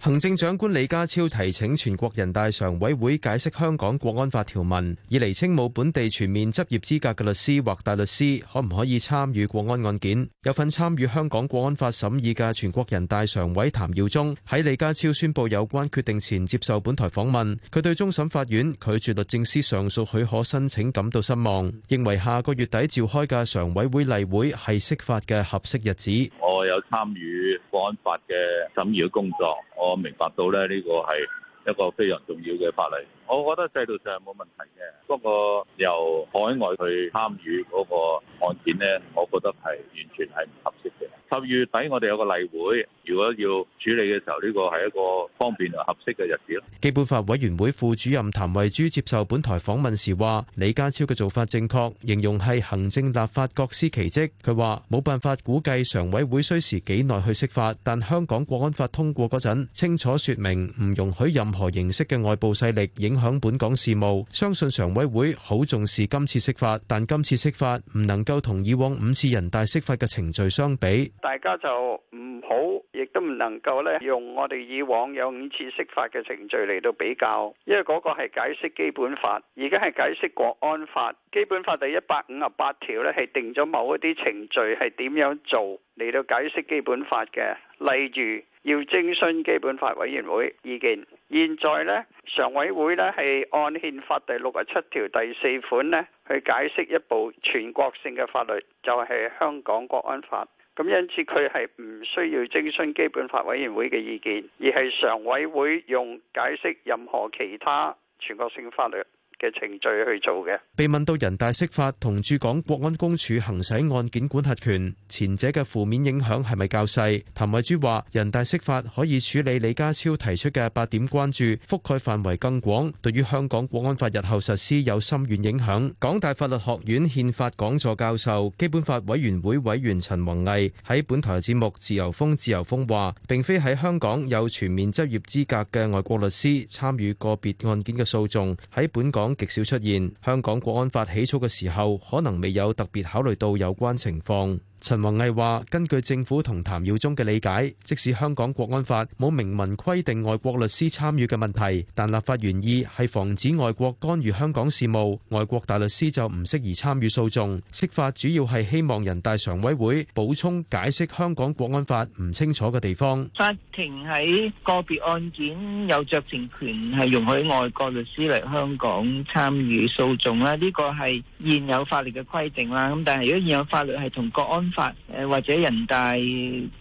行政長官李家超提請全國人大常委會解釋香港國安法條文，以厘清冇本地全面執業資格嘅律師或大律師可唔可以參與國安案件。有份參與香港國安法審議嘅全國人大常委譚耀宗喺李家超宣布有關決定前接受本台訪問，佢對終審法院拒絕律政司上訴許可申請感到失望，認為下個月底召開嘅常委會例會係釋法嘅合適日子。我有參與國安法嘅審議嘅工作，我明白到咧，呢個係一個非常重要嘅法例。我覺得制度上冇問題嘅，不過由海外去參與嗰個案件呢，我覺得係完全係唔合適嘅。十月底我哋有個例會，如果要處理嘅時候，呢個係一個方便又合適嘅日子咯。基本法委員會副主任譚慧珠接受本台訪問時話，李家超嘅做法正確，形容係行政立法各司其職。佢話冇辦法估計常委會需時幾耐去釋法，但香港國安法通過嗰陣清楚說明唔容許任何形式嘅外部勢力影響。響本港事務，相信常委會好重視今次釋法，但今次釋法唔能夠同以往五次人大釋法嘅程序相比。大家就唔好，亦都唔能夠咧用我哋以往有五次釋法嘅程序嚟到比較，因為嗰個係解釋基本法，而家係解釋國安法。基本法第一百五十八條咧係定咗某一啲程序係點樣做嚟到解釋基本法嘅，例如要徵詢基本法委員會意見。現在咧，常委會咧係按憲法第六十七條第四款咧去解釋一部全國性嘅法律，就係香港國安法。咁因此佢係唔需要徵詢基本法委員會嘅意見，而係常委會用解釋任何其他全國性法律。嘅程序去做嘅。被問到人大釋法同駐港國安公署行使案件管轄權，前者嘅負面影響係咪較細？譚慧珠話人大釋法可以處理李家超提出嘅八點關注，覆蓋範圍更廣，對於香港國安法日後實施有深遠影響，港大法律學院憲法講座教授、基本法委員會委員陳宏毅喺本台節目《自由風，自由風》話並非喺香港有全面執業資格嘅外國律師參與個別案件嘅訴訟喺本港。極少出現。香港國安法起草嘅時候，可能未有特別考慮到有關情況。陳弘毅話：根據政府同譚耀宗嘅理解，即使香港國安法冇明文規定外國律師參與嘅問題，但立法原意係防止外國干預香港事務，外國大律師就唔適宜參與訴訟。釋法主要係希望人大常委會補充解釋香港國安法唔清楚嘅地方。法庭喺個別案件有酌情權，係容許外國律師嚟香港參與訴訟啦，呢個係現有法律嘅規定啦。咁但係如果現有法律係同國安，法，誒，或者人大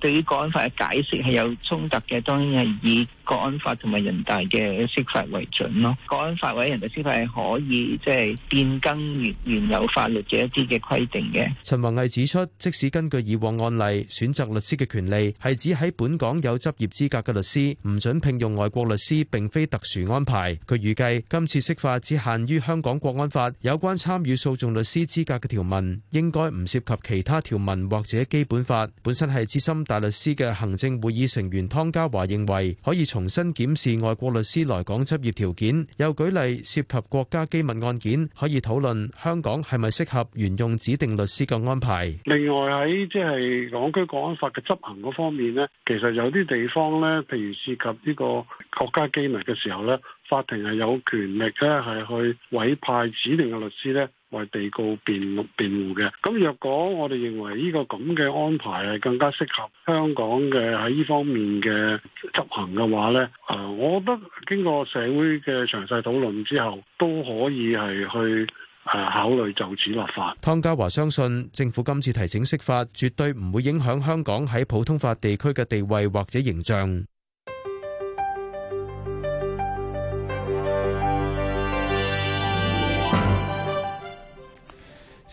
對於《國安法》嘅解釋係有衝突嘅，當然係以。國安法同埋人大嘅釋法為準咯，國安法或者人大釋法係可以即係變更原原有法律嘅一啲嘅規定嘅。陳弘毅指出，即使根據以往案例，選擇律師嘅權利係指喺本港有執業資格嘅律師，唔准聘用外國律師，並非特殊安排。佢預計今次釋法只限於香港國安法有關參與訴訟律師資格嘅條文，應該唔涉及其他條文或者基本法。本身係資深大律師嘅行政會議成員湯家驊認為，可以從。重新檢視外國律師來港執業條件，又舉例涉及國家機密案件，可以討論香港係咪適合沿用指定律師嘅安排。另外，喺即係港區《國安法》嘅執行嗰方面呢，其實有啲地方呢，譬如涉及呢個國家機密嘅時候呢，法庭係有權力咧，係去委派指定嘅律師呢，為被告辯辯護嘅，咁若果我哋認為呢個咁嘅安排係更加適合香港嘅喺呢方面嘅執行嘅話呢誒，我覺得經過社會嘅詳細討論之後，都可以係去誒考慮就此立法。湯家驊相信政府今次提請釋法，絕對唔會影響香港喺普通法地區嘅地位或者形象。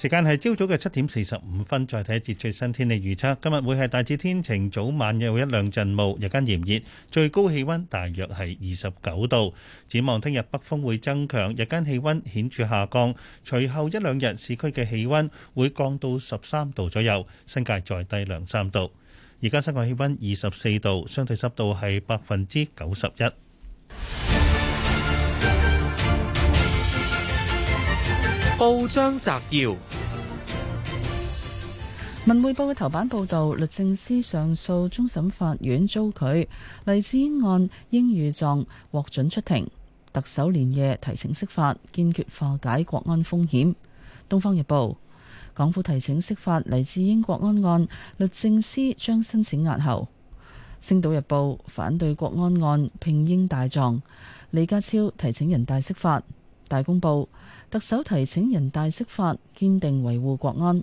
時間係朝早嘅七點四十五分，再睇一節最新天氣預測。今日會係大致天晴，早晚有一兩陣霧，日間炎熱，最高氣溫大約係二十九度。展望聽日北風會增強，日間氣溫顯著下降，隨後一兩日市區嘅氣溫會降到十三度左右，新界再低兩三度。而家室外氣溫二十四度，相對濕度係百分之九十一。報章摘要：文匯報嘅頭版報道，律政司上訴終審法院遭拒，黎智英案英御狀獲准出庭。特首連夜提請釋法，堅決化解國安風險。東方日報，港府提請釋法，黎智英國安案，律政司將申請押後。星島日報，反對國安案聘英大狀，李家超提請人大釋法。大公報。特首提請人大釋法，堅定維護國安。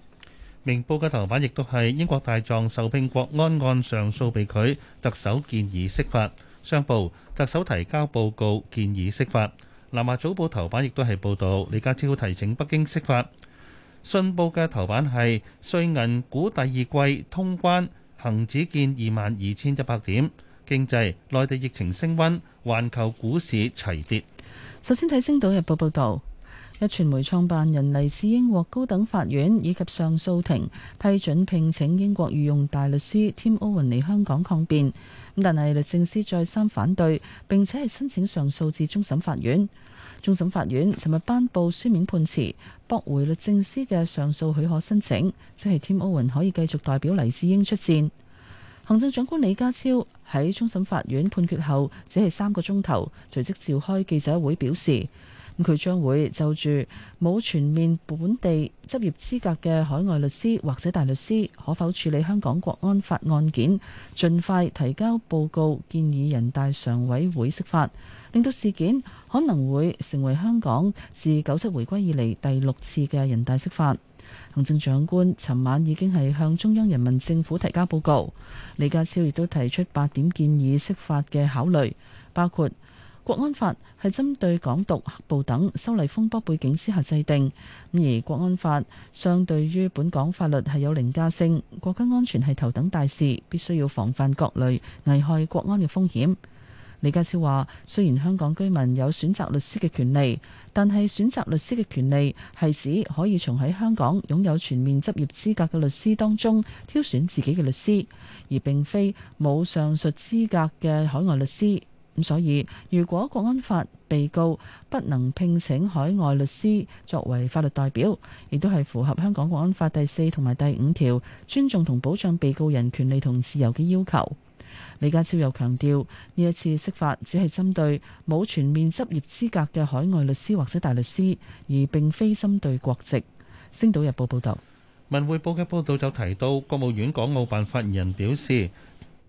明報嘅頭版亦都係英國大狀受聘國安案上訴被拒，特首建議釋法。商報，特首提交報告建議釋法。南華早報頭版亦都係報道李家超提請北京釋法。信報嘅頭版係瑞銀股第二季通關，恒指見二萬二千一百點。經濟，內地疫情升溫，環球股市齊跌。首先睇《星島日報》報道。壹傳媒創辦人黎智英獲高等法院以及上訴庭批准聘請英國御用大律師 Tim Owen 嚟香港抗辯，咁但係律政司再三反對，並且係申請上訴至終審法院。終審法院尋日頒布書面判詞，駁回律政司嘅上訴許可申請，即係 Tim Owen 可以繼續代表黎智英出戰。行政長官李家超喺終審法院判決後，只係三個鐘頭，隨即召開記者會表示，咁佢將會就住冇全面本地執業資格嘅海外律師或者大律師可否處理香港國安法案件，盡快提交報告建議人大常委會釋法，令到事件可能會成為香港自九七回歸以嚟第六次嘅人大釋法。行政長官尋晚已經係向中央人民政府提交報告，李家超亦都提出八點建議釋法嘅考慮，包括。國安法係針對港獨、黑暴等修例風波背景之下制定，而國安法相對於本港法律係有凌駕性。國家安全係頭等大事，必須要防範各類危害國安嘅風險。李家超話：雖然香港居民有選擇律師嘅權利，但係選擇律師嘅權利係指可以從喺香港擁有全面執業資格嘅律師當中挑選自己嘅律師，而並非冇上述資格嘅海外律師。咁所以，如果國安法被告不能聘請海外律師作為法律代表，亦都係符合香港國安法第四同埋第五條尊重同保障被告人權利同自由嘅要求。李家超又強調，呢一次釋法只係針對冇全面執業資格嘅海外律師或者大律師，而並非針對國籍。星島日報報道，文匯報嘅報道就提到，國務院港澳辦發言人表示。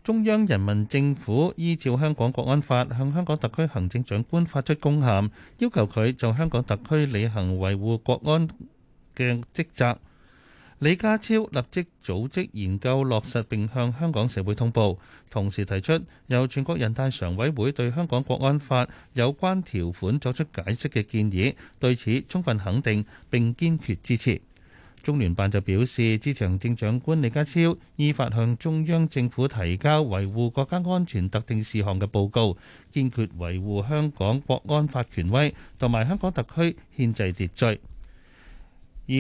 中央人民政府依照香港國安法向香港特區行政長官發出公函，要求佢就香港特區履行維護國安嘅職責。李家超立即組織研究落實，並向香港社會通報，同時提出由全國人大常委會對香港國安法有關條款作出解釋嘅建議。對此，充分肯定並堅決支持。中聯辦就表示，行政長官李家超依法向中央政府提交維護國家安全特定事項嘅報告，堅決維護香港國安法權威同埋香港特區憲制秩序。而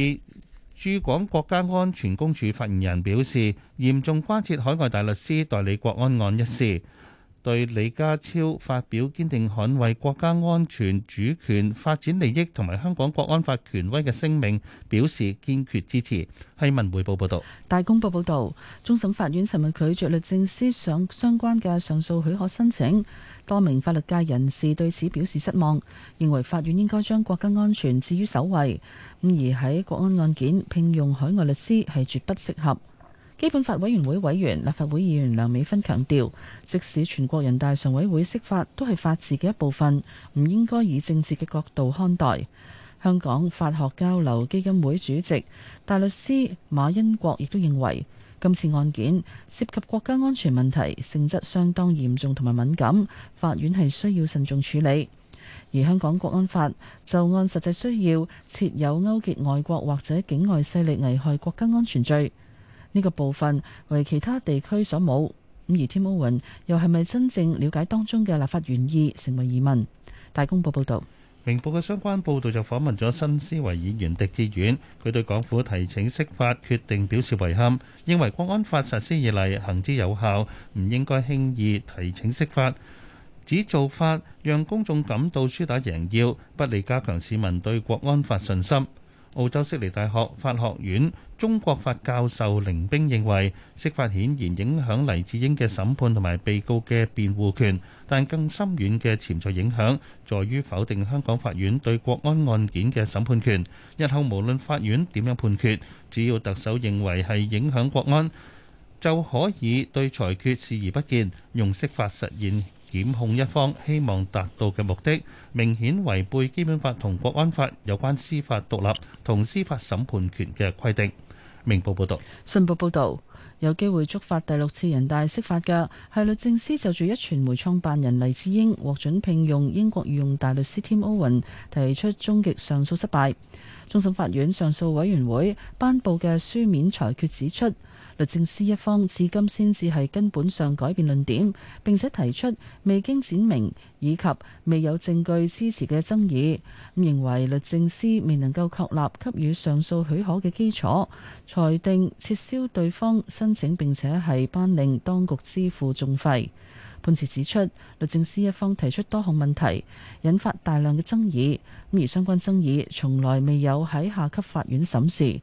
駐港國家安全公署發言人表示，嚴重關切海外大律師代理國安案一事。對李家超發表堅定捍衛國家安全主權、發展利益同埋香港國安法權威嘅聲明，表示堅決支持。係文匯報報道，大公報報道，終審法院尋日拒絕律政司上相關嘅上訴許可申請，多名法律界人士對此表示失望，認為法院應該將國家安全置於首位。咁而喺國安案件聘用海外律師係絕不適合。基本法委員會委員、立法會議員梁美芬強調，即使全國人大常委會釋法，都係法治嘅一部分，唔應該以政治嘅角度看待。香港法學交流基金會主席、大律師馬恩國亦都認為，今次案件涉及國家安全問題，性質相當嚴重同埋敏感，法院係需要慎重處理。而香港國安法就按實際需要設有勾結外國或者境外勢力危害國家安全罪。呢個部分為其他地區所冇，咁而天澳雲又係咪真正了解當中嘅立法原意，成為疑問。大公報報道，明報嘅相關報導就訪問咗新思維議員狄志遠，佢對港府提請釋法決定表示遺憾，認為國安法實施以嚟行之有效，唔應該輕易提請釋法，指做法讓公眾感到輸打贏要，不利加強市民對國安法信心。澳洲悉尼大學法學院中國法教授凌兵認為，釋法顯然影響黎智英嘅審判同埋被告嘅辯護權，但更深遠嘅潛在影響，在於否定香港法院對國安案件嘅審判權。日後無論法院點樣判決，只要特首認為係影響國安，就可以對裁決視而不見，用釋法實現。檢控一方希望達到嘅目的，明顯違背基本法同國安法有關司法獨立同司法審判權嘅規定。明報報導，信報報導，有機會觸發第六次人大釋法嘅係律政司就住一傳媒創辦人黎智英獲准聘用英國御用大律師 Tim Owen 提出終極上訴失敗。終審法院上訴委員會頒布嘅書面裁決指出。律政司一方至今先至係根本上改變論點，並且提出未經展明以及未有證據支持嘅爭議，認為律政司未能夠確立給予上訴許可嘅基礎，裁定撤銷對方申請並且係頒令當局支付訟費。判詞指出，律政司一方提出多項問題，引發大量嘅爭議，而相關爭議從來未有喺下級法院審視。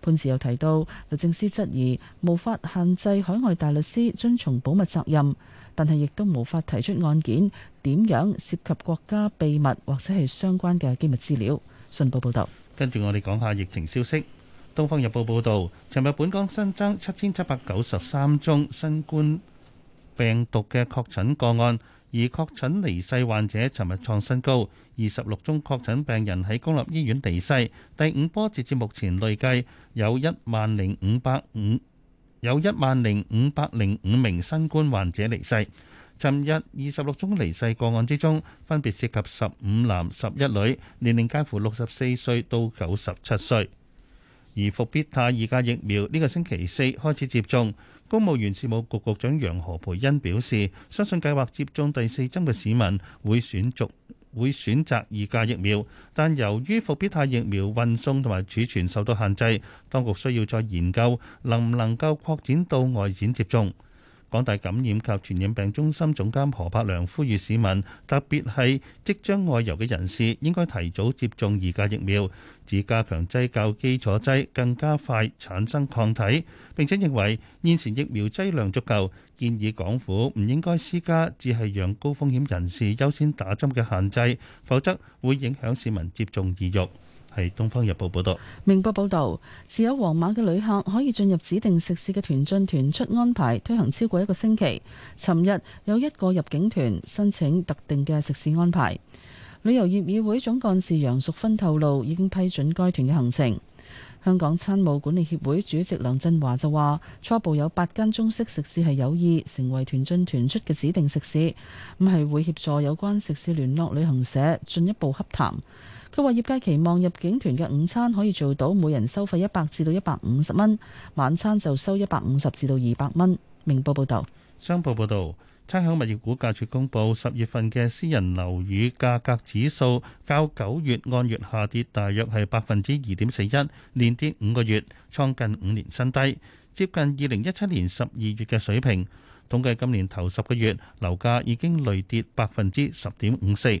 判詞又提到律政司質疑無法限制海外大律師遵從保密責任，但係亦都無法提出案件點樣涉及國家秘密或者係相關嘅機密資料。信報報道。跟住我哋講下疫情消息。《東方日報》報道，昨日本港新增七千七百九十三宗新冠病毒嘅確診個案。而確診離世患者尋日創新高，二十六宗確診病人喺公立醫院離世。第五波截至目前累計有一萬零五百五有一萬零五百零五名新冠患者離世。尋日二十六宗離世個案之中，分別涉及十五男十一女，年齡介乎六十四歲到九十七歲。而復必泰二價疫苗呢、這個星期四開始接種。公務員事務局局長楊何培恩表示，相信計劃接種第四針嘅市民會選續會選擇二價疫苗，但由於復必泰疫苗運送同埋儲存受到限制，當局需要再研究能唔能夠擴展到外展接種。港大感染及傳染病中心總監何柏良呼籲市民，特別係即將外遊嘅人士，應該提早接種二價疫苗，只加強劑較基礎劑更加快產生抗體，並且認為現時疫苗劑量足夠，建議港府唔應該施加只係讓高風險人士優先打針嘅限制，否則會影響市民接種意欲。係《東方日報》報道，明報報道，持有黃碼嘅旅客可以進入指定食肆嘅團進團出安排推行超過一個星期。尋日有一個入境團申請特定嘅食肆安排，旅遊業議會總幹事楊淑芬透露已經批准該團嘅行程。香港餐務管理協會主席梁振華就話，初步有八間中式食肆係有意成為團進團出嘅指定食肆，咁係會協助有關食肆聯絡旅行社進一步洽談。佢話業界期望入境團嘅午餐可以做到每人收費一百至到一百五十蚊，晚餐就收一百五十至到二百蚊。明報報導，商報報導，差餉物業估價署公佈十月份嘅私人樓宇價格指數，較九月按月下跌大約係百分之二點四一，連跌五個月，創近五年新低，接近二零一七年十二月嘅水平。統計今年頭十個月樓價已經累跌百分之十點五四。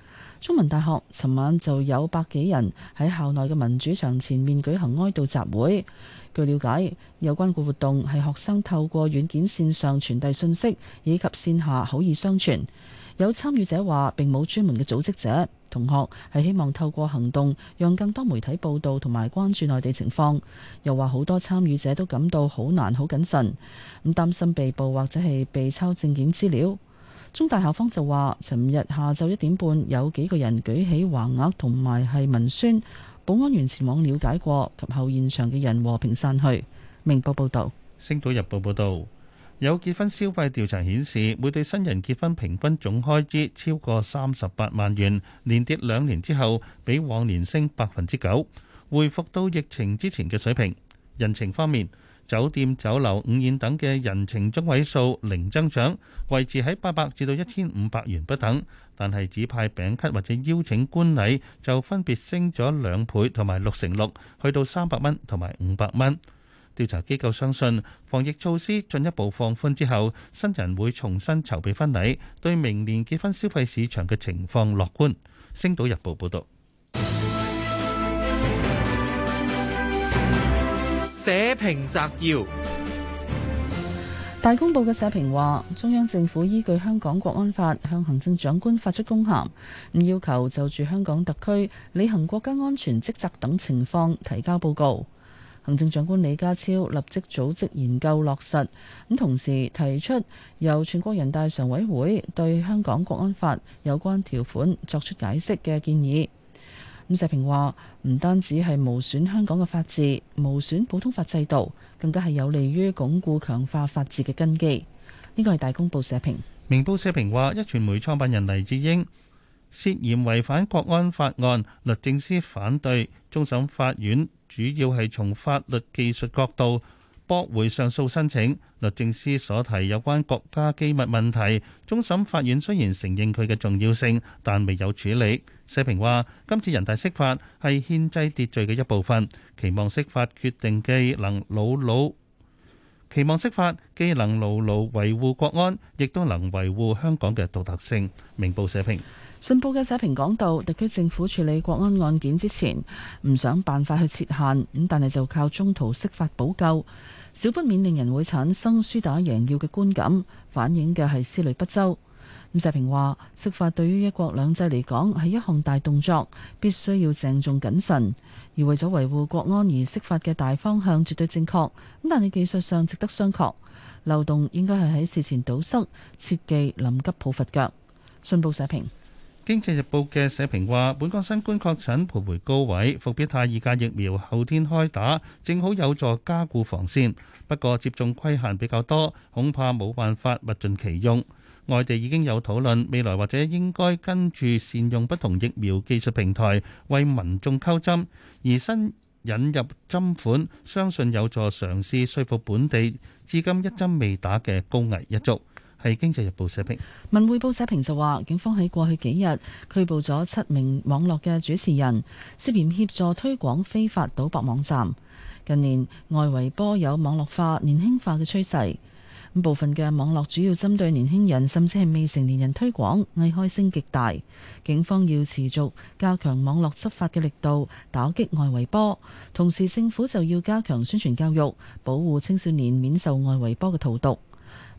中文大學尋晚就有百幾人喺校內嘅民主牆前面舉行哀悼集會。據了解，有關個活動係學生透過軟件線上傳遞信息，以及線下口耳相傳。有參與者話：並冇專門嘅組織者，同學係希望透過行動，讓更多媒體報導同埋關注內地情況。又話好多參與者都感到好難、好謹慎，唔擔心被捕或者係被抄證件資料。中大校方就話尋日下晝一點半，有幾個人舉起橫額同埋係文宣，保安員前往了解過，及後現場嘅人和平散去。明報報道。星島日報報道，有結婚消費調查顯示，每對新人結婚平均總開支超過三十八萬元，連跌兩年之後，比往年升百分之九，回復到疫情之前嘅水平。人情方面，酒店、酒樓午宴等嘅人情中位數零增長，維持喺八百至到一千五百元不等。但係指派餅咭或者邀請觀禮就分別升咗兩倍同埋六成六，去到三百蚊同埋五百蚊。調查機構相信防疫措施進一步放寬之後，新人會重新籌備婚禮，對明年結婚消費市場嘅情況樂觀。星島日報報道。社評摘要：大公報嘅社評話，中央政府依據香港國安法向行政長官發出公函，要求就住香港特區履行國家安全職責等情況提交報告。行政長官李家超立即組織研究落實，咁同時提出由全國人大常委會對香港國安法有關條款作出解釋嘅建議。咁社評話，唔單止係無損香港嘅法治，無損普通法制度，更加係有利於鞏固強化法治嘅根基。呢個係大公報社評。明報社評話，壹傳媒創辦人黎智英涉嫌違反國安法案，律政司反對，終審法院主要係從法律技術角度，駁回上訴申請，律政司所提有關國家機密問題，終審法院雖然承認佢嘅重要性，但未有處理。社評話：今次人大釋法係憲制秩序嘅一部分，期望釋法決定既能牢牢，期望釋法既能牢牢維護國安，亦都能維護香港嘅獨特性。明報社評，信報嘅社評講到，特區政府處理國安案件之前唔想辦法去設限，咁但係就靠中途釋法補救。少不免令人會產生輸打贏要嘅觀感，反映嘅係思慮不周。咁社評話，釋法對於一國兩制嚟講係一項大動作，必須要鄭重謹慎。而為咗維護國安而釋法嘅大方向絕對正確，咁但係技術上值得商榷。漏洞應該係喺事前堵塞，切忌臨急抱佛腳。信報社評。《經濟日報》嘅社評話：本港新冠確診徘徊高位，復必泰二價疫苗後天開打，正好有助加固防線。不過，接種規限比較多，恐怕冇辦法物盡其用。外地已經有討論，未來或者應該跟住善用不同疫苗技術平台為民眾溝針，而新引入針款，相信有助嘗試說服本地至今一針未打嘅高危一族。係《經濟日報》社評，《文匯報》社評就話，警方喺過去幾日拘捕咗七名網絡嘅主持人，涉嫌協助推廣非法賭博網站。近年外圍波有網絡化、年輕化嘅趨勢，部分嘅網絡主要針對年輕人，甚至係未成年人推廣，危害性極大。警方要持續加強網絡執法嘅力度，打擊外圍波。同時，政府就要加強宣傳教育，保護青少年免受外圍波嘅荼毒。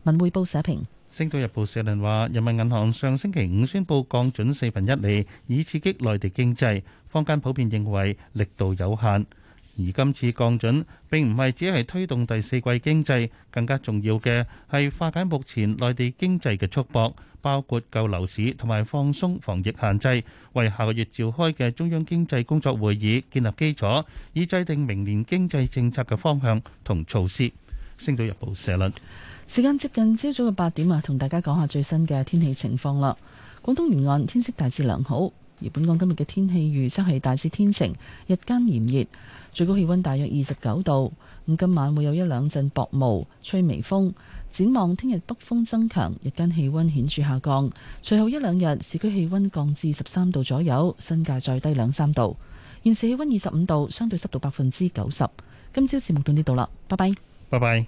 文匯報社評：星島日報社論話，人民銀行上星期五宣布降準四分一厘，以刺激內地經濟。坊間普遍認為力度有限，而今次降準並唔係只係推動第四季經濟，更加重要嘅係化解目前內地經濟嘅束縛，包括救樓市同埋放鬆防疫限制，為下個月召開嘅中央經濟工作會議建立基礎，以制定明年經濟政策嘅方向同措施。星島日報社論。時間接近朝早嘅八點啊，同大家講下最新嘅天氣情況啦。廣東沿岸天色大致良好，而本港今日嘅天氣預測係大致天晴，日間炎熱，最高氣溫大約二十九度。咁今晚會有一兩陣薄霧，吹微風。展望聽日北風增強，日間氣溫顯著下降。隨後一兩日市區氣溫降至十三度左右，新界再低兩三度。現時氣溫二十五度，相對濕度百分之九十。今朝節目到呢度啦，拜拜。拜拜。